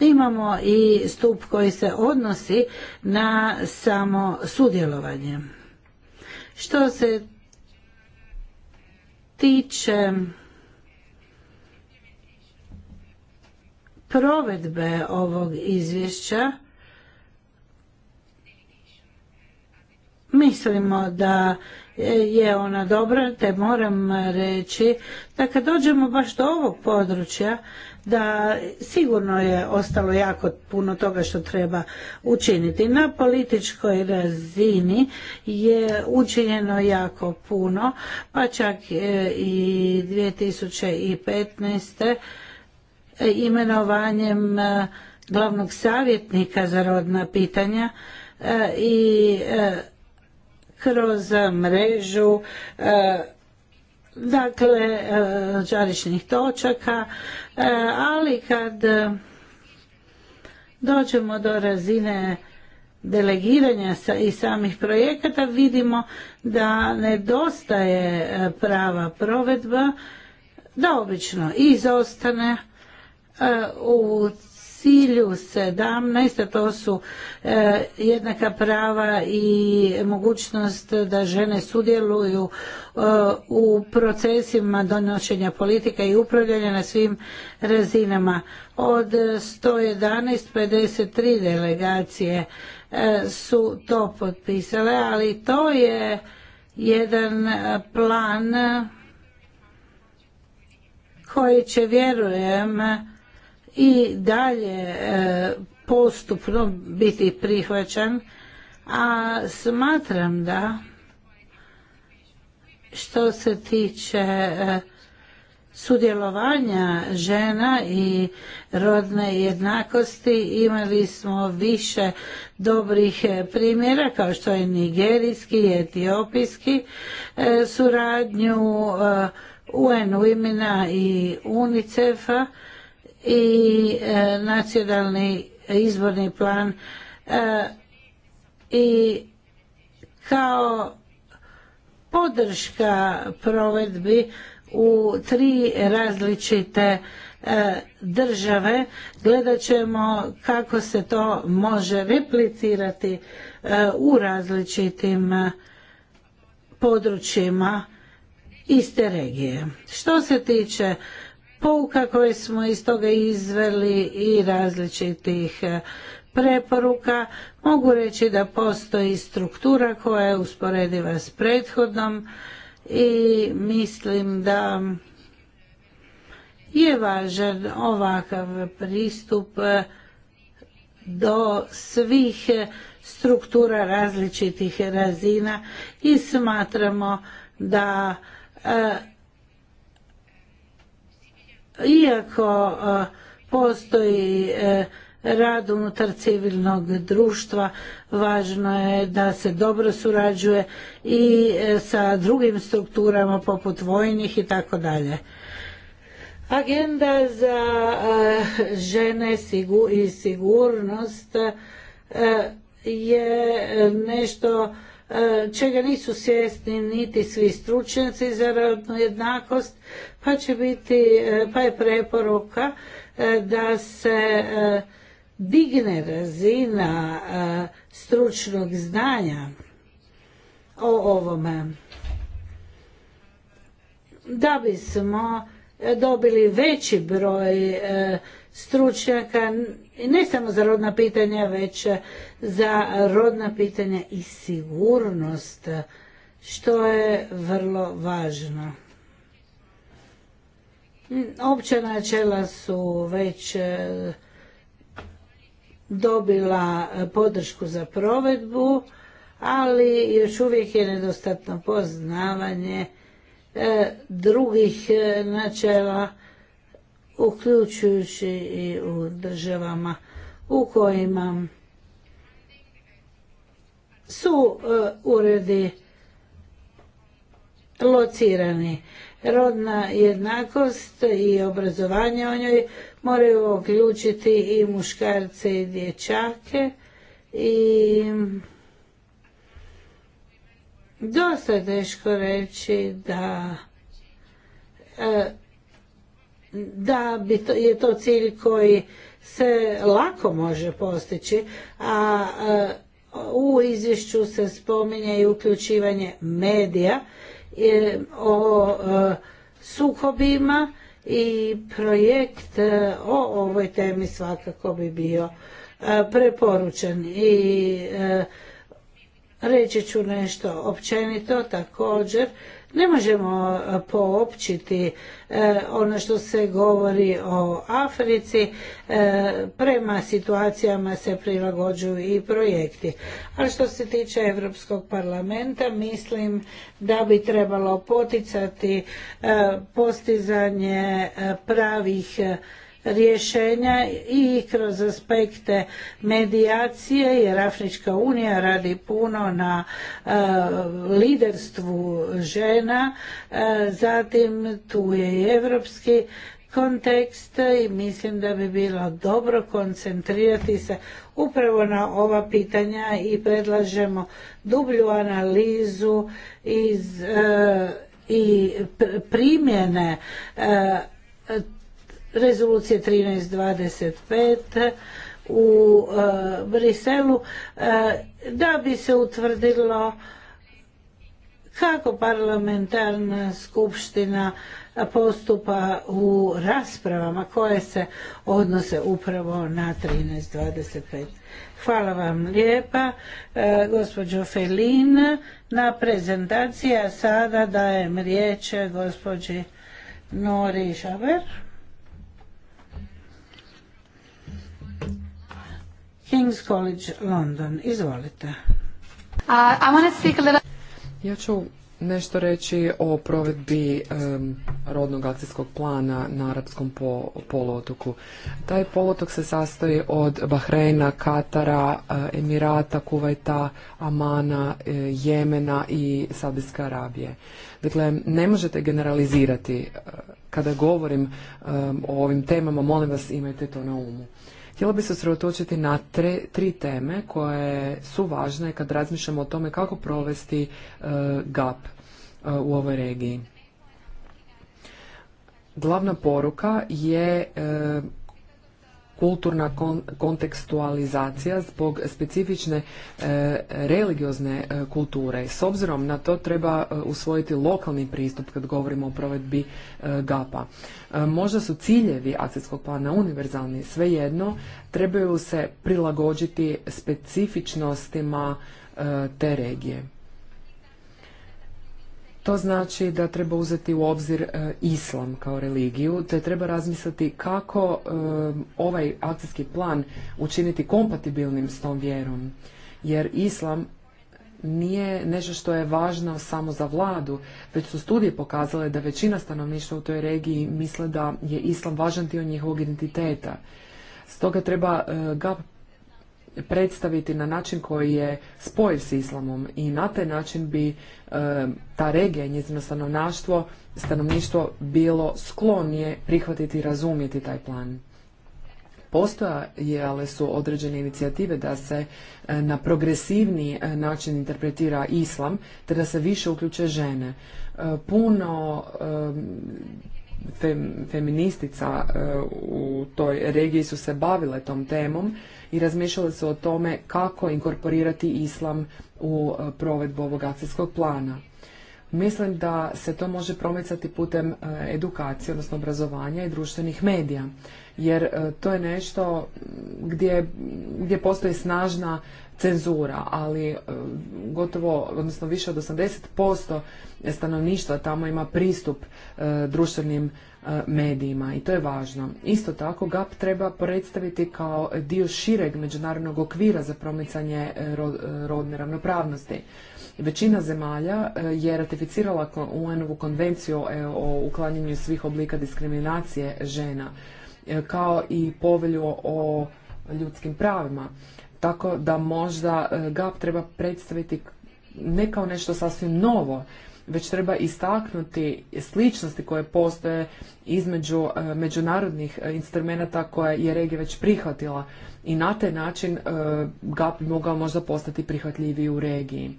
imamo i stup koji se odnosi na samo sudjelovanje. Što se tiče provedbe ovog izvješća, mislimo da je ona dobra, te moram reći da kad dođemo baš do ovog područja, da sigurno je ostalo jako puno toga što treba učiniti. Na političkoj razini je učinjeno jako puno, pa čak e, i 2015. E, imenovanjem e, glavnog savjetnika za rodna pitanja i kroz mrežu dakle e, žarišnih točaka, e, ali kad e, dođemo do razine delegiranja i samih projekata vidimo da nedostaje prava provedba da obično izostane u cilju 17, a to su e, jednaka prava i mogućnost da žene sudjeluju e, u procesima donošenja politika i upravljanja na svim razinama. Od 111 53 delegacije e, su to potpisale, ali to je jedan plan koji će vjerujem i dalje e, postupno biti prihvaćan, a smatram da što se tiče e, sudjelovanja žena i rodne jednakosti imali smo više dobrih e, primjera kao što je nigerijski i etiopijski suradnju UN Womena i UNICEF-a i e, nacionalni izborni plan e, i kao podrška provedbi u tri različite e, države gledat ćemo kako se to može replicirati u različitim područjima iste regije. Što se tiče pouka koje smo iz toga izveli i različitih e, preporuka. Mogu reći da postoji struktura koja je usporediva s prethodnom i mislim da je važan ovakav pristup e, do svih struktura različitih razina i smatramo da e, iako e, postoji e, rad unutar civilnog društva važno je da se dobro surađuje i e, sa drugim strukturama poput vojnih i tako dalje agenda za žene i sigurnost je nešto E, čega nisu svjesni niti svi stručnjaci za rodnu jednakost, pa će biti, e, pa je preporuka e, da se digne razina stručnog znanja o ovome. Da bismo dobili veći broj stručnjaka, ne samo za rodna pitanja, već za rodna pitanja i sigurnost, što je vrlo važno. Opća načela su već e, dobila podršku za provedbu, ali još uvijek je nedostatno poznavanje e, drugih e, načela uključujući i u državama u kojima su e, uredi locirani. Rodna jednakost i obrazovanje o njoj moraju uključiti i muškarce i dječake i dosta teško reći da e, da je to cilj koji se lako može postići, a u izvješću se spominje i uključivanje medija e, o e, sukobima i projekt e, o ovoj temi svakako bi bio preporučen i reći ću nešto općenito također ne možemo e, poopćiti e, ono što se govori o Africi, e, prema situacijama se prilagođuju i projekti. A što se tiče Europskog parlamenta, mislim da bi trebalo poticati postizanje pravih rješenja i kroz aspekte medijacije jer Afrička unija radi puno na e, liderstvu žena, e, zatim tu je i evropski kontekst i mislim da bi bilo dobro koncentrirati se upravo na ova pitanja i predlažemo dublju analizu iz, e, i primjene rezolucije 1325 u e, Briselu e, da bi se utvrdilo kako parlamentarna skupština postupa u raspravama koje se odnose upravo na 13.25. Hvala vam lijepa, e, gospođo Felin, na prezentaciji, a sada dajem riječ gospođi Nori Šaber. King's College London. Izvolite. Uh, ja ću nešto reći o provedbi rodnog akcijskog plana na arapskom poluotoku. Taj poluotok se sastoji od Bahreina, Katara, eh, Emirata, Kuvajta, Amana, eh, Jemena i Saudijske Arabije. Dakle, ne možete generalizirati. Eh, kada govorim o ovim temama, molim vas imajte to na umu. Htjela bih se sredotočiti na tri teme koje su važne kad razmišljamo o tome kako provesti e, GAP e, u ovoj regiji. Glavna poruka je e, kulturna kontekstualizacija zbog specifične e, religiozne e, kulture. S obzirom na to treba e, usvojiti lokalni pristup kad govorimo o provedbi GAPA. Možda su ciljevi akcijskog plana univerzalni, svejedno trebaju se prilagođiti specifičnostima te regije. To znači da treba uzeti u obzir e, islam kao religiju, te treba razmisliti kako e, ovaj akcijski plan učiniti kompatibilnim s tom vjerom. Jer islam nije nešto što je važno samo za vladu, već su studije pokazale da većina stanovništva u toj regiji misle da je islam važan dio njihovog identiteta. Stoga treba e, ga predstaviti na način koji je spojiv s islamom i na taj način bi e, ta regija i njezino stanovnaštvo, stanovništvo bilo sklonije prihvatiti i razumjeti taj plan. ali su određene inicijative da se e, na progresivni e, način interpretira islam, te da se više uključe žene. puno feministica u toj regiji su se bavile tom temom i razmišljali su o tome kako inkorporirati islam u e, provedbu ovog akcijskog plana. Mislim da se to može promicati putem e, edukacije, odnosno obrazovanja i društvenih medija, jer e, to je nešto gdje, gdje postoji snažna cenzura, ali gotovo, odnosno više od 80% stanovništva tamo ima pristup društvenim E, medijima i to je važno. Isto tako GAP treba predstaviti kao dio šireg međunarodnog okvira za promicanje e, e, rodne ravnopravnosti. Većina zemalja je ratificirala UN-ovu konvenciju o uklanjanju svih oblika diskriminacije žena, kao i povelju o ljudskim pravima. Tako da možda GAP treba predstaviti ne kao nešto sasvim novo, već treba istaknuti sličnosti koje postoje između e, međunarodnih e, instrumenata koje je regija već prihvatila i na taj način e, GAP mogao možda postati prihvatljiviji u regiji.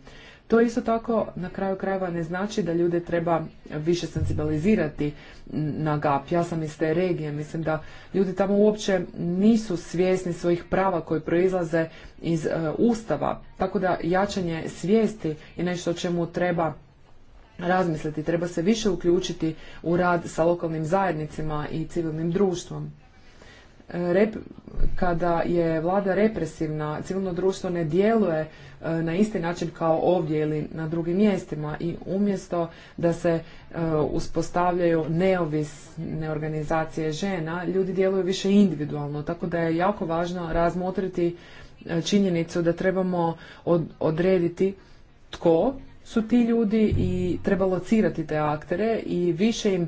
To isto tako na kraju krajeva ne znači da ljude treba više sensibilizirati na GAP. Ja sam iz te regije, mislim da ljudi tamo uopće nisu svjesni svojih prava koji proizlaze iz Ustava, tako da jačanje svijesti je nešto o čemu treba razmisliti, treba se više uključiti u rad sa lokalnim zajednicima i civilnim društvom. E, kada je vlada represivna, civilno društvo ne djeluje e, na isti način kao ovdje ili na drugim mjestima i umjesto da se e, uspostavljaju neovisne organizacije žena, ljudi djeluju više individualno, tako da je jako važno razmotriti činjenicu da trebamo odrediti tko su ti ljudi i treba locirati te aktere i više im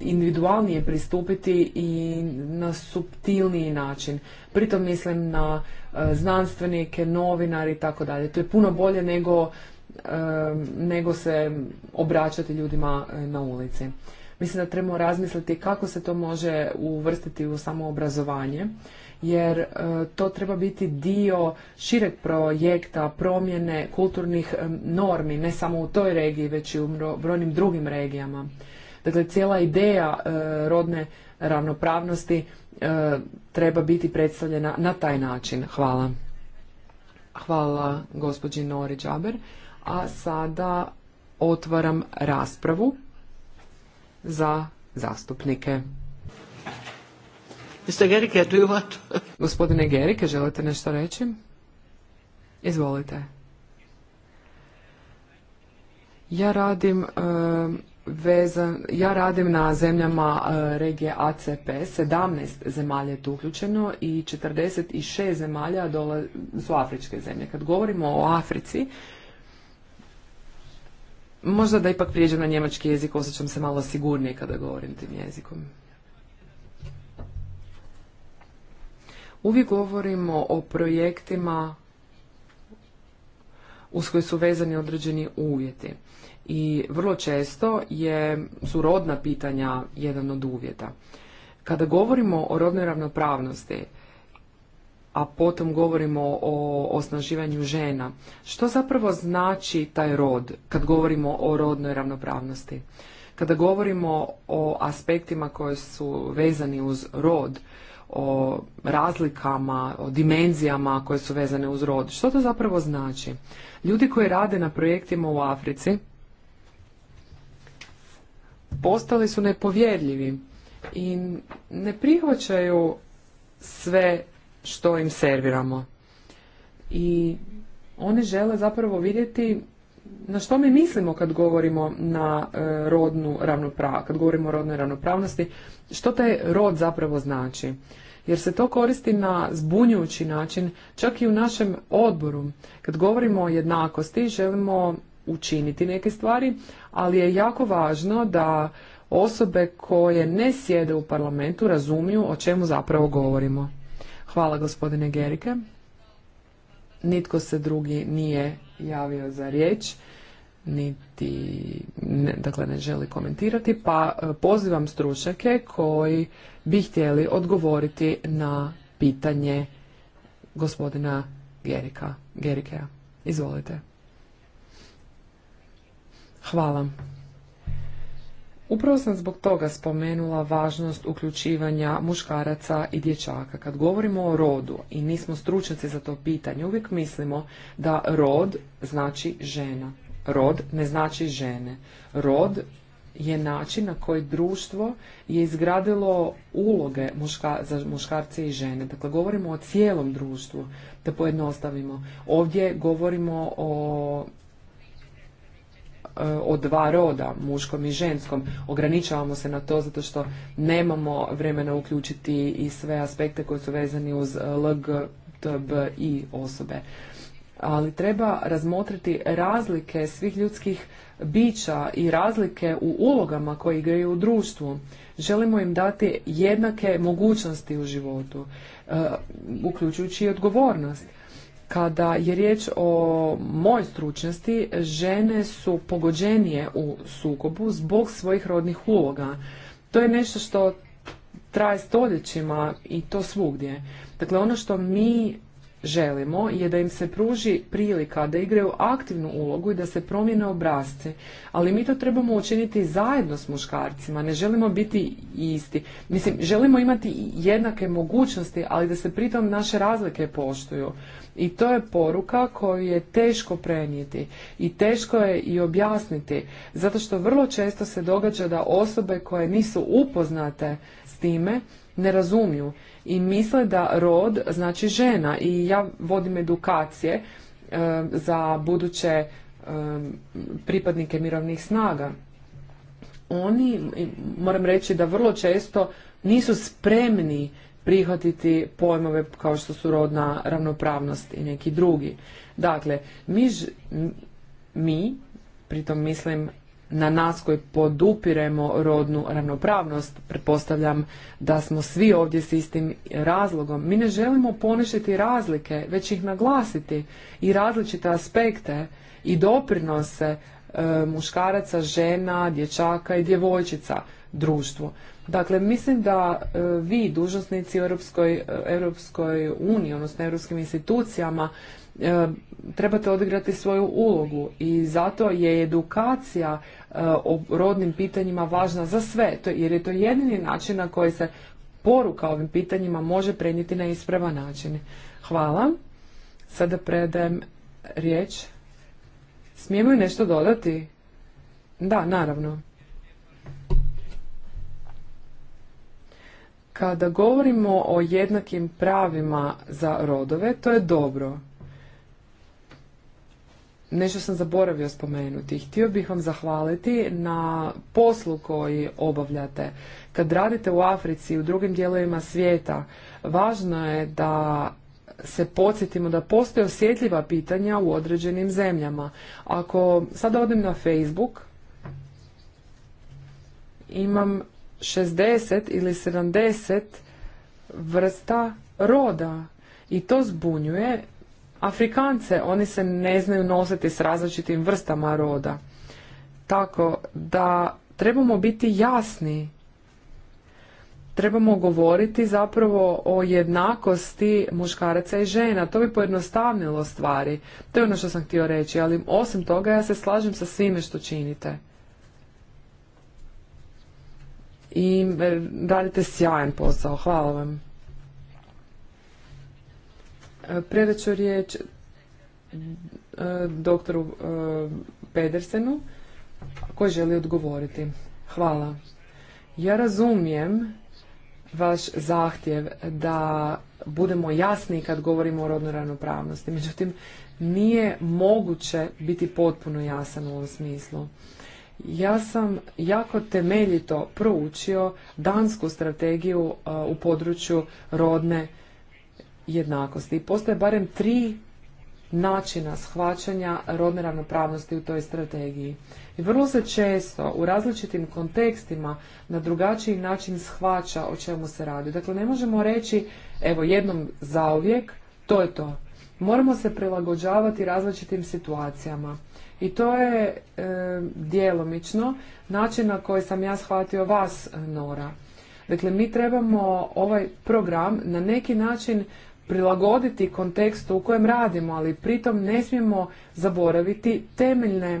individualnije pristupiti i na subtilniji način. Pritom mislim na e, znanstvenike, novinari i tako dalje. To je puno bolje nego, nego se obraćati ljudima e, na ulici. Mislim da trebamo razmisliti kako se to može uvrstiti u samo obrazovanje jer e, to treba biti dio šireg projekta promjene kulturnih e, normi, ne samo u toj regiji, već i u brojnim drugim regijama. Dakle, cijela ideja e, rodne ravnopravnosti treba biti predstavljena na taj način. Hvala. Hvala gospođi Nori Đaber. A sada otvaram raspravu za zastupnike. Gerike, Gospodine Gerike, želite nešto reći? Izvolite. Ja radim ja radim na zemljama e, regije ACP, 17 zemalja je tu uključeno i 46 zemalja dola, su afričke zemlje. Kad govorimo o Africi, možda da ipak prijeđem na njemački jezik, osjećam se malo sigurnije kada govorim tim jezikom. Uvijek govorimo o projektima uz koje su vezani određeni uvjeti. I vrlo često je, su rodna pitanja jedan od uvjeta. Kada govorimo o rodnoj ravnopravnosti, a potom govorimo o osnaživanju žena, što zapravo znači taj rod kad govorimo o rodnoj ravnopravnosti? Kada govorimo o aspektima koji su vezani uz rod, o razlikama, o dimenzijama koje su vezane uz rod, što to zapravo znači? Ljudi koji rade na projektima u Africi postali su nepovjerljivi i ne prihvaćaju sve što im serviramo. I oni žele zapravo vidjeti na što mi mislimo kad govorimo na e, rodnu ravnopravnost, kad govorimo o rodnoj ravnopravnosti, što taj rod zapravo znači. Jer se to koristi na zbunjujući način, čak i u našem odboru. Kad govorimo o jednakosti, želimo učiniti neke stvari, ali je jako važno da osobe koje ne sjede u parlamentu razumiju o čemu zapravo govorimo. Hvala gospodine Gerike. Nitko se drugi nije javio za riječ, niti, ne, dakle ne želi komentirati, pa e, pozivam stručnjake koji bi htjeli odgovoriti na pitanje gospodina Gerika, Gerikea. Izvolite. Hvala. Upravo sam zbog toga spomenula važnost uključivanja muškaraca i dječaka. Kad govorimo o rodu i nismo stručnjaci za to pitanje, uvijek mislimo da rod znači žena. Rod ne znači žene. Rod je način na koji društvo je izgradilo uloge za muškarce i žene. Dakle, govorimo o cijelom društvu, da pojednostavimo. Ovdje govorimo o E, od dva roda, muškom i ženskom. Ograničavamo se na to zato što nemamo vremena uključiti i sve aspekte koji su vezani uz i osobe. Ali treba razmotriti razlike svih ljudskih bića i razlike u ulogama koje igraju u društvu. Želimo im dati jednake mogućnosti u životu, e, uključujući i odgovornost kada je riječ o mojoj stručnosti, žene su pogođenije u sukobu zbog svojih rodnih uloga. To je nešto što traje stoljećima i to svugdje. Dakle, ono što mi želimo je da im se pruži prilika da igraju aktivnu ulogu i da se promijene obrazci. Ali mi to trebamo učiniti zajedno s muškarcima, ne želimo biti isti. Mislim, želimo imati jednake mogućnosti, ali da se pritom naše razlike poštuju. I to je poruka koju je teško prenijeti i teško je i objasniti, zato što vrlo često se događa da osobe koje nisu upoznate s time ne razumiju i misle da rod znači žena i ja vodim edukacije e, za buduće e, pripadnike mirovnih snaga. Oni, moram reći da vrlo često nisu spremni prihvatiti pojmove kao što su rodna ravnopravnost i neki drugi. Dakle, mi, mi pritom mislim na nas koji podupiremo rodnu ravnopravnost, pretpostavljam da smo svi ovdje s istim razlogom. Mi ne želimo poništiti razlike, već ih naglasiti i različite aspekte i doprinose e, muškaraca, žena, dječaka i djevojčica društvu. Dakle, mislim da e, vi, dužnosnici Europskoj, Europskoj uniji, odnosno europskim institucijama, E, trebate odigrati svoju ulogu i zato je edukacija e, o rodnim pitanjima važna za sve, jer je to jedini način na koji se poruka ovim pitanjima može prenijeti na ispravan način. Hvala. Sada predajem riječ. Smijemo li nešto dodati? Da, naravno. Kada govorimo o jednakim pravima za rodove, to je dobro. Nešto sam zaboravio spomenuti. Htio bih vam zahvaliti na poslu koji obavljate. Kad radite u Africi i u drugim dijelovima svijeta, važno je da se podsjetimo da postoje osjetljiva pitanja u određenim zemljama. Ako sad odem na Facebook, imam 60 ili 70 vrsta roda i to zbunjuje Afrikance, oni se ne znaju nositi s različitim vrstama roda. Tako da trebamo biti jasni. Trebamo govoriti zapravo o jednakosti muškaraca i žena. To bi pojednostavnilo stvari. To je ono što sam htio reći, ali osim toga ja se slažem sa svime što činite. I e, radite sjajan posao. Hvala vam. Predaću riječ e, doktoru e, Pedersenu koji želi odgovoriti. Hvala. Ja razumijem vaš zahtjev da budemo jasni kad govorimo o rodnoj ravnopravnosti. Međutim, nije moguće biti potpuno jasan u ovom smislu. Ja sam jako temeljito proučio dansku strategiju e, u području rodne jednakosti. Postoje barem tri načina shvaćanja rodne ravnopravnosti u toj strategiji. I vrlo se često u različitim kontekstima na drugačiji način shvaća o čemu se radi. Dakle, ne možemo reći, evo, jednom zauvijek, to je to. Moramo se prilagođavati različitim situacijama. I to je e, djelomično način na koji sam ja shvatio vas, Nora. Dakle, mi trebamo ovaj program na neki način prilagoditi kontekstu u kojem radimo, ali pritom ne smijemo zaboraviti temeljne e,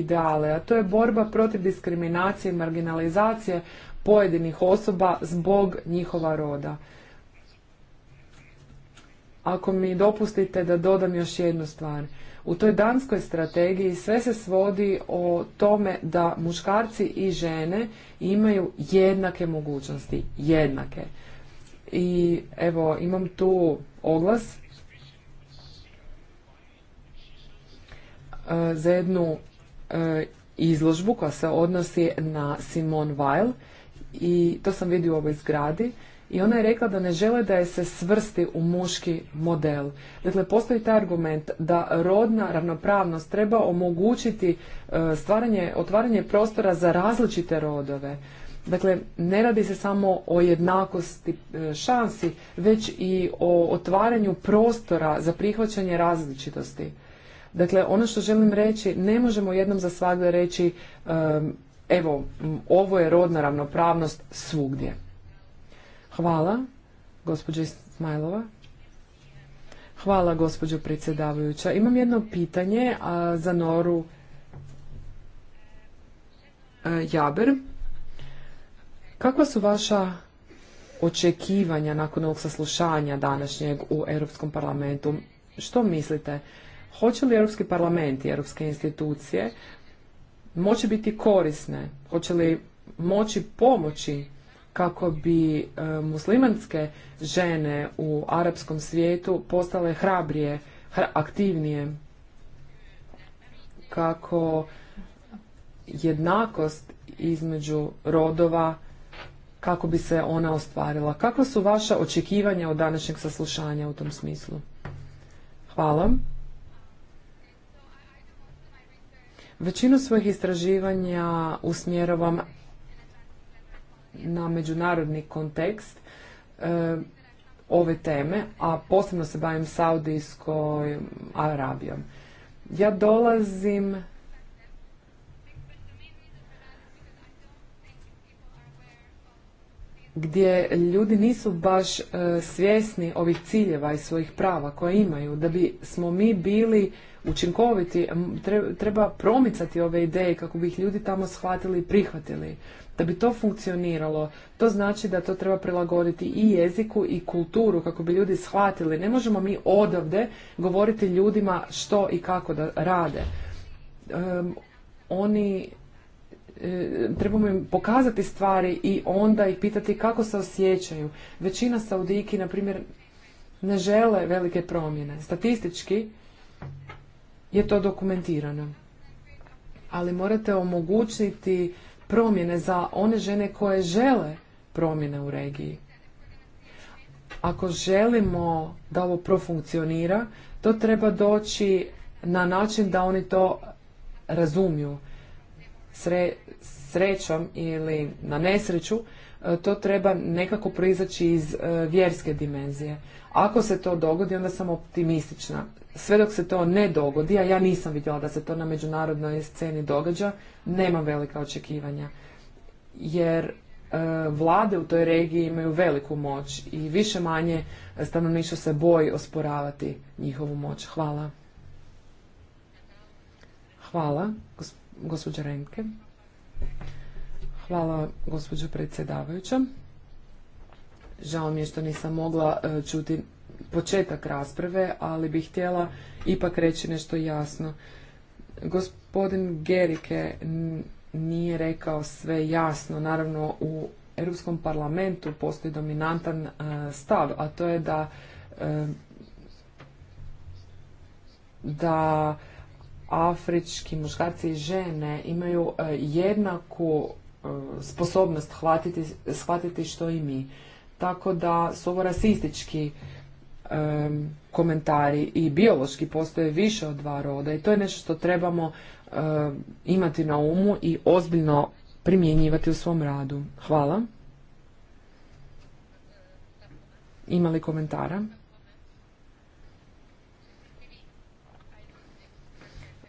ideale, a to je borba protiv diskriminacije i marginalizacije pojedinih osoba zbog njihova roda. Ako mi dopustite da dodam još jednu stvar. U toj danskoj strategiji sve se svodi o tome da muškarci i žene imaju jednake mogućnosti, jednake. I evo, imam tu oglas e, za jednu e, izložbu koja se odnosi na Simone Weil i to sam vidio u ovoj zgradi i ona je rekla da ne žele da je se svrsti u muški model. Dakle, postoji taj argument da rodna ravnopravnost treba omogućiti e, stvaranje, otvaranje prostora za različite rodove. Dakle, ne radi se samo o jednakosti e, šansi, već i o otvaranju prostora za prihvaćanje različitosti. Dakle, ono što želim reći, ne možemo jednom za svagda reći e, evo, ovo je rodna ravnopravnost svugdje. Hvala, gospođo Smajlova. Hvala, gospođo predsjedavajuća. Imam jedno pitanje za Noru e, Jaber. Kakva su vaša očekivanja nakon ovog saslušanja današnjeg u Europskom parlamentu? Što mislite? Hoće li Europski parlament i Europske institucije moći biti korisne? Hoće li moći pomoći kako bi e, muslimanske žene u arapskom svijetu postale hrabrije, aktivnije, kako jednakost između rodova, kako bi se ona ostvarila. Kakva su vaša očekivanja od današnjeg saslušanja u tom smislu? Hvala. Većinu svojih istraživanja usmjerovam na međunarodni kontekst e, ove teme, a posebno se bavim Saudijskoj Arabijom. Ja dolazim gdje ljudi nisu baš e, svjesni ovih ciljeva i svojih prava koje imaju. Da bi smo mi bili učinkoviti, treba promicati ove ideje kako bi ih ljudi tamo shvatili i prihvatili. Da bi to funkcioniralo, to znači da to treba prilagoditi i jeziku i kulturu kako bi ljudi shvatili. Ne možemo mi odavde govoriti ljudima što i kako da rade. oni e, trebamo im pokazati stvari i onda ih pitati kako se osjećaju. Većina Saudiki, na primjer, ne žele velike promjene. Statistički je to dokumentirano. Ali morate omogućiti promjene za one žene koje žele promjene u regiji. Ako želimo da ovo profunkcionira, to treba doći na način da oni to razumiju. srećom ili na nesreću, e, to treba nekako proizaći iz e, vjerske dimenzije. Ako se to dogodi, onda sam optimistična sve dok se to ne dogodi, a ja nisam vidjela da se to na međunarodnoj sceni događa, nema velika očekivanja. Jer e, vlade u toj regiji imaju veliku moć i više manje stanovništvo se boji osporavati njihovu moć. Hvala. Hvala, gospođa Renke. Hvala, gospođo predsjedavajuća. Žao mi je što nisam mogla e, čuti početak rasprave, ali bih htjela ipak reći nešto jasno. Gospodin Gerike nije rekao sve jasno. Naravno, u Europskom parlamentu postoji dominantan e, stav, a to je da e, da afrički muškarci i žene imaju e, jednaku sposobnost shvatiti, shvatiti što i mi. Tako da su ovo rasistički komentari i biološki postoje više od dva roda i to je nešto što trebamo imati na umu i ozbiljno primjenjivati u svom radu. Hvala. Ima li komentara?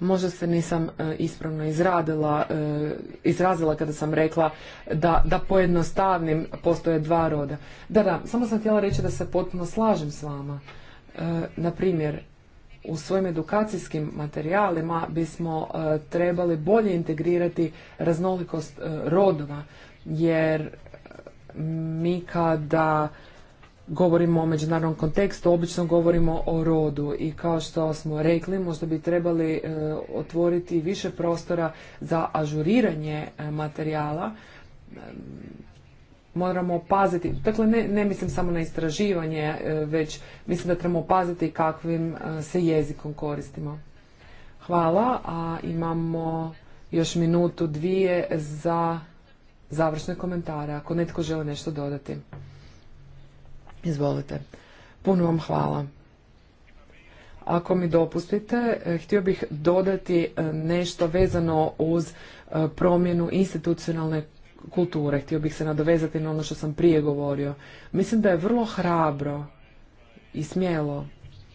Možda se nisam e, ispravno izradila, e, izrazila kada sam rekla da, da pojednostavnim postoje dva roda. Da, da, samo sam htjela reći da se potpuno slažem s vama. E, na primjer, u svojim edukacijskim materijalima bismo trebali bolje integrirati raznolikost rodova, jer mi kada govorimo o međunarodnom kontekstu, obično govorimo o rodu i kao što smo rekli, možda bi trebali e, otvoriti više prostora za ažuriranje e, materijala. E, moramo paziti, dakle ne, ne mislim samo na istraživanje, već mislim da trebamo paziti kakvim se jezikom koristimo. Hvala, a imamo još minutu, dvije za završne komentare, ako netko želi nešto dodati. Izvolite. Puno vam hvala. Ako mi dopustite, e, htio bih dodati e, nešto vezano uz e, promjenu institucionalne kulture. Htio bih se nadovezati na ono što sam prije govorio. Mislim da je vrlo hrabro i smjelo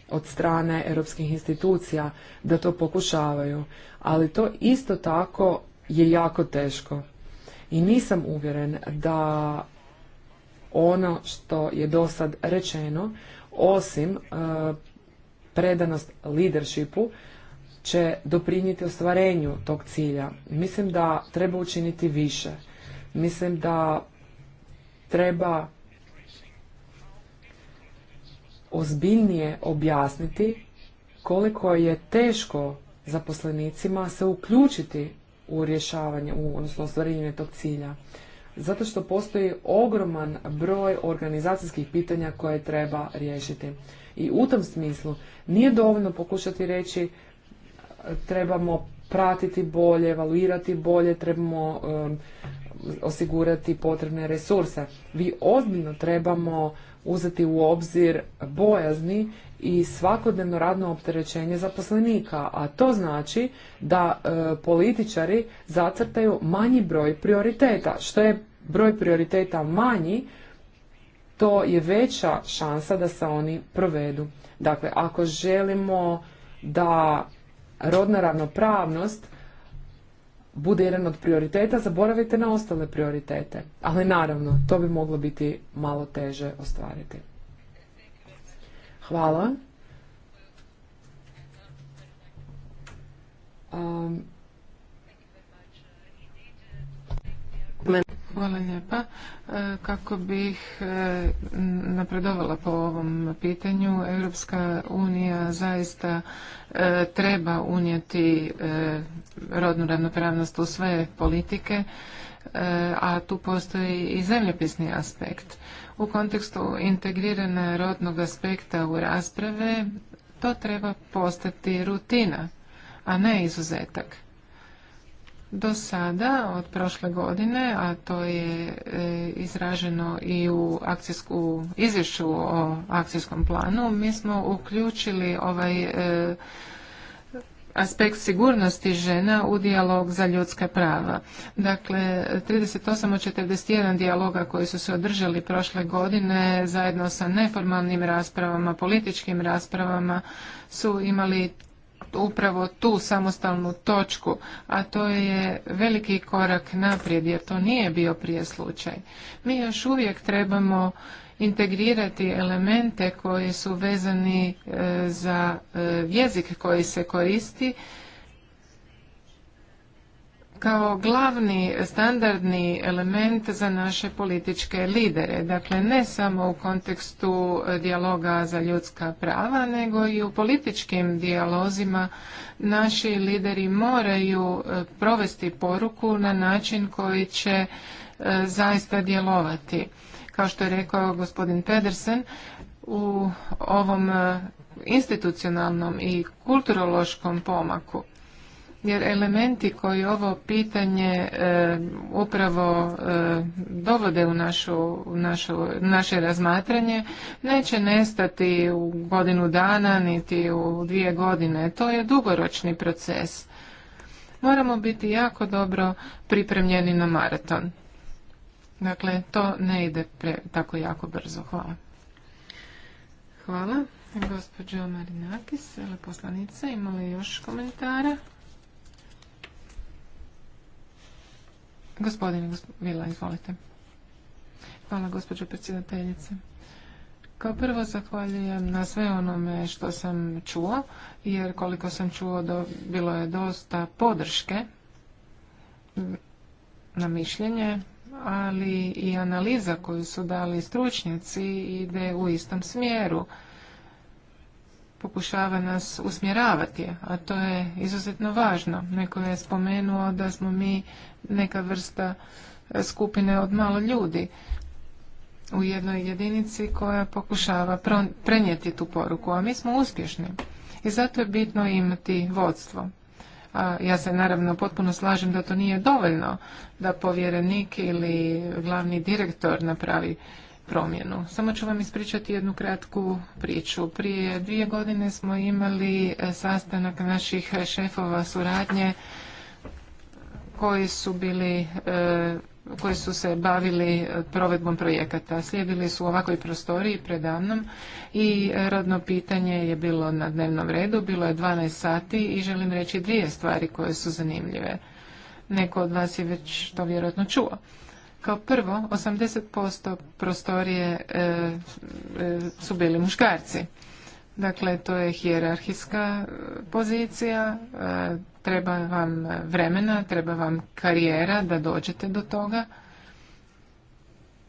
od strane europskih institucija da to pokušavaju, ali to isto tako je jako teško. I nisam uvjeren da ono što je do sad rečeno, osim e, predanost leadershipu, će doprinijeti ostvarenju tog cilja. Mislim da treba učiniti više. Mislim da treba ozbiljnije objasniti koliko je teško zaposlenicima se uključiti u rješavanje, u, odnosno ostvarenje tog cilja zato što postoji ogroman broj organizacijskih pitanja koje treba riješiti. I u tom smislu nije dovoljno pokušati reći e, trebamo pratiti bolje, evaluirati bolje, trebamo osigurati potrebne resurse. Vi ozbiljno trebamo uzeti u obzir bojazni i svakodnevno radno opterećenje zaposlenika, a to znači da e, političari zacrtaju manji broj prioriteta, što je broj prioriteta manji, to je veća šansa da se oni provedu. Dakle, ako želimo da rodna ravnopravnost bude jedan od prioriteta, zaboravite na ostale prioritete. Ali naravno, to bi moglo biti malo teže ostvariti. Hvala. Um, Hvala lijepa. E, kako bih e, napredovala po ovom pitanju, Europska unija zaista e, treba unijeti rodnu ravnopravnost u sve politike, a tu postoji i zemljopisni aspekt. U kontekstu integrirane rodnog aspekta u rasprave, to treba postati rutina, a ne izuzetak. Do sada, od prošle godine, a to je e, izraženo i u akcijsku, izvješću o akcijskom planu, mi smo uključili ovaj e, aspekt sigurnosti žena u dijalog za ljudska prava. Dakle, 38 od 41 dijaloga koji su se održali prošle godine zajedno sa neformalnim raspravama, političkim raspravama su imali upravo tu samostalnu točku, a to je veliki korak naprijed jer to nije bio prije slučaj. Mi još uvijek trebamo integrirati elemente koji su vezani e, za e, jezik koji se koristi kao glavni standardni element za naše političke lidere. Dakle, ne samo u kontekstu e, dijaloga za ljudska prava, nego i u političkim dijalozima naši lideri moraju e, provesti poruku na način koji će e, zaista djelovati. Kao što je rekao gospodin Pedersen, u ovom institucionalnom i kulturološkom pomaku jer elementi koji ovo pitanje e, upravo e, dovode u, našu, naše razmatranje neće nestati u godinu dana niti u dvije godine. To je dugoročni proces. Moramo biti jako dobro pripremljeni na maraton. Dakle, to ne ide tako jako brzo. Hvala. Hvala. Gospođo Marinakis, poslanica. imali još komentara? Gospodine Vila, izvolite. Hvala, gospođo predsjedateljice. Kao prvo zahvaljujem na sve onome što sam čuo, jer koliko sam čuo do, bilo je dosta podrške na mišljenje, ali i analiza koju su dali stručnjaci ide u istom smjeru pokušava nas usmjeravati, a to je izuzetno važno. Neko je spomenuo da smo mi neka vrsta e, skupine od malo ljudi u jednoj jedinici koja pokušava prenijeti tu poruku, a mi smo uspješni. I zato je bitno imati vodstvo. ja se naravno potpuno slažem da to nije dovoljno da povjerenik ili glavni direktor napravi promjenu. Samo ću vam ispričati jednu kratku priču. Prije dvije godine smo imali e, sastanak naših šefova suradnje koji su bili e, koji su se bavili e, provedbom projekata. Slijedili su u ovakvoj prostoriji predavnom i rodno pitanje je bilo na dnevnom redu, bilo je 12 sati i želim reći dvije stvari koje su zanimljive. Neko od vas je već to vjerojatno čuo. Kao prvo, 80% prostorije e, e, su bili muškarci. Dakle, to je hijerarhijska e, pozicija, treba vam vremena, treba vam karijera da dođete do toga.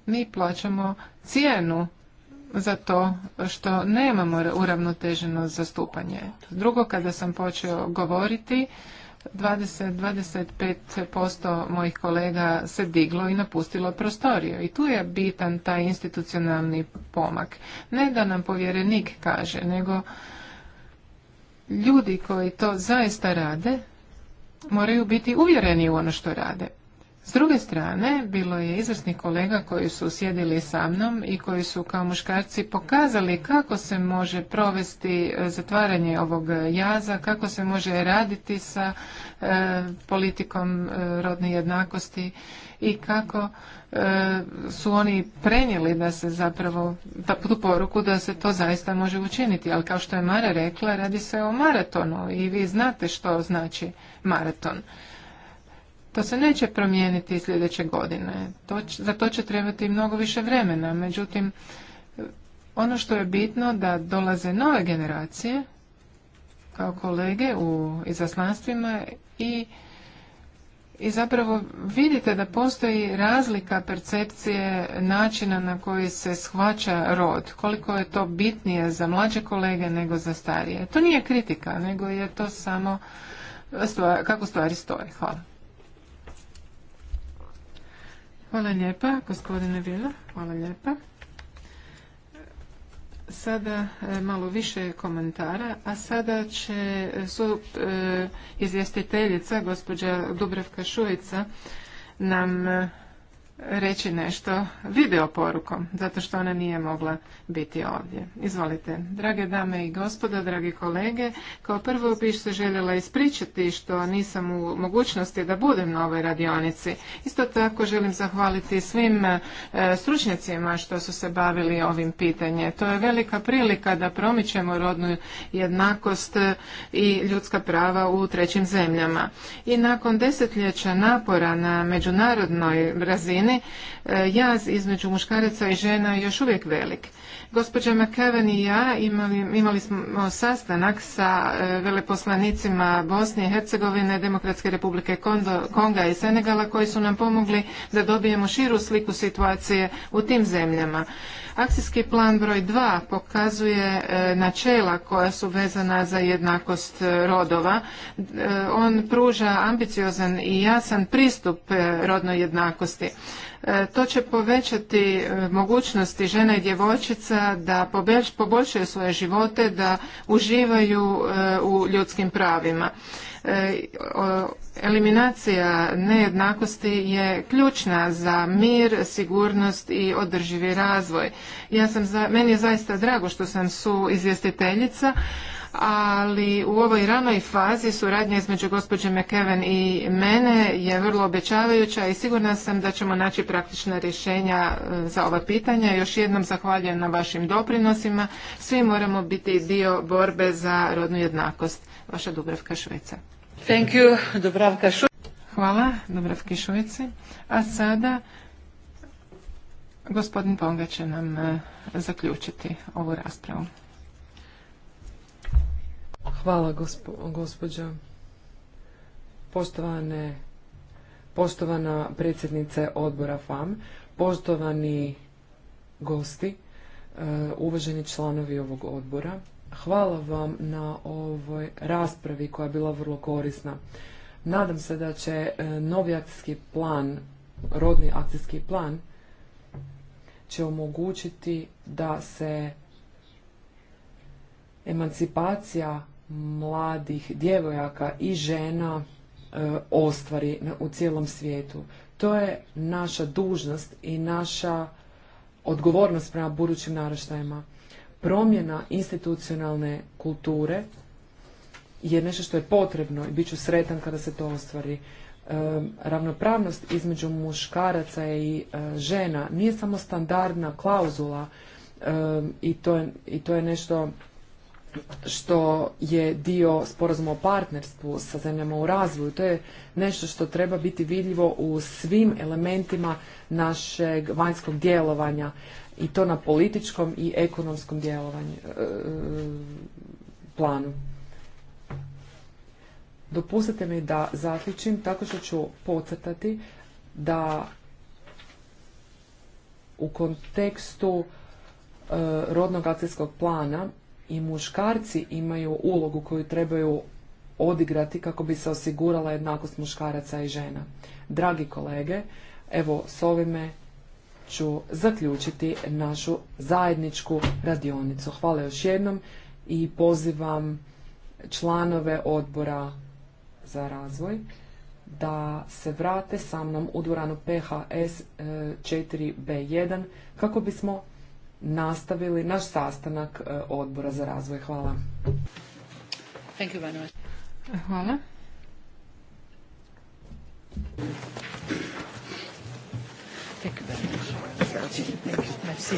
Mi plaćamo cijenu za to što nemamo uravnoteženo zastupanje. Drugo, kada sam počeo govoriti, 20-25% mojih kolega se diglo i napustilo prostoriju. I tu je bitan taj institucionalni pomak. Ne da nam povjerenik kaže, nego ljudi koji to zaista rade moraju biti uvjereni u ono što rade. S druge strane, bilo je izvrsnih kolega koji su sjedili sa mnom i koji su kao muškarci pokazali kako se može provesti e, zatvaranje ovog jaza, kako se može raditi sa e, politikom e, rodne jednakosti i kako su oni prenijeli da se zapravo ta, tu poruku da se to zaista može učiniti. Ali kao što je Mara rekla, radi se o maratonu i vi znate što znači maraton. To se neće promijeniti sljedeće godine. To, za to će trebati mnogo više vremena. Međutim, ono što je bitno da dolaze nove generacije kao kolege u izaslanstvima i i zapravo vidite da postoji razlika percepcije načina na koji se shvaća rod, koliko je to bitnije za mlađe kolege nego za starije. To nije kritika, nego je to samo kako stvari stoje. Hvala. Hvala lijepa, gospodine Vila. Hvala lijepa. Sada e, malo više komentara, a sada će e, su e, izvjestiteljica, gospođa Dubravka Šujica, nam reći nešto video porukom, zato što ona nije mogla biti ovdje. Izvolite. Drage dame i gospoda, dragi kolege, kao prvo bih se željela ispričati što nisam u mogućnosti da budem na ovoj radionici. Isto tako želim zahvaliti svim e, stručnjacima što su se bavili ovim pitanjem. To je velika prilika da promičemo rodnu jednakost e, i ljudska prava u trećim zemljama. I nakon desetljeća napora na međunarodnoj razini žene, e, jaz između muškaraca i žena još uvijek velik. Gospođa McEwen i ja imali, smo sastanak sa e, veleposlanicima Bosne i Hercegovine, Demokratske republike Konga i Senegala koji su nam pomogli da dobijemo širu sliku situacije u tim zemljama. Akcijski plan broj 2 pokazuje e, načela koja su vezana za jednakost e, rodova. On pruža ambiciozan i jasan pristup rodnoj jednakosti. E, to će povećati e, mogućnosti žena i djevojčica da poboljšaju svoje živote, da uživaju e, u ljudskim pravima. Eliminacija nejednakosti je ključna za mir, sigurnost i održivi razvoj. Ja sam meni je zaista drago što sam su izvjestiteljica ali u ovoj ranoj fazi suradnja između gospođe McKeven i mene je vrlo obećavajuća i sigurna sam da ćemo naći praktična rješenja e, za ova pitanja. Još jednom zahvaljujem na vašim doprinosima. Svi moramo biti dio borbe za rodnu jednakost. Vaša Dubravka Šveca. Thank you, Dubravka Hvala, Dubravki Šuici. A sada gospodin Ponga će nam e, zaključiti ovu raspravu. Hvala gospođa gospođo. Poštovane, poštovana predsjednice odbora FAM, poštovani gosti, e, uvaženi članovi ovog odbora. Hvala vam na ovoj raspravi koja je bila vrlo korisna. Nadam se da će e, novi akcijski plan, rodni akcijski plan, će omogućiti da se emancipacija mladih djevojaka i žena e, ostvari u cijelom svijetu. To je naša dužnost i naša odgovornost prema budućim naraštajima. Promjena institucionalne kulture je nešto što je potrebno i bit ću sretan kada se to ostvari. E, ravnopravnost između muškaraca i e, žena nije samo standardna klauzula i, to je, i to je nešto što je dio sporazuma o partnerstvu sa zemljama u razvoju. To je nešto što treba biti vidljivo u svim elementima našeg vanjskog djelovanja i to na političkom i ekonomskom djelovanju, e, planu. Dopustite mi da zaključim tako što ću pocrtati da u kontekstu e, rodnog akcijskog plana i muškarci imaju ulogu koju trebaju odigrati kako bi se osigurala jednakost muškaraca i žena. Dragi kolege, evo s ovime ću zaključiti našu zajedničku radionicu. Hvala još jednom i pozivam članove odbora za razvoj da se vrate sa mnom u dvoranu PHS 4B1 e, kako bismo nastavili naš sastanak e, odbora za razvoj. Hvala. Thank you very much. Hvala. Thank you very much. Merci.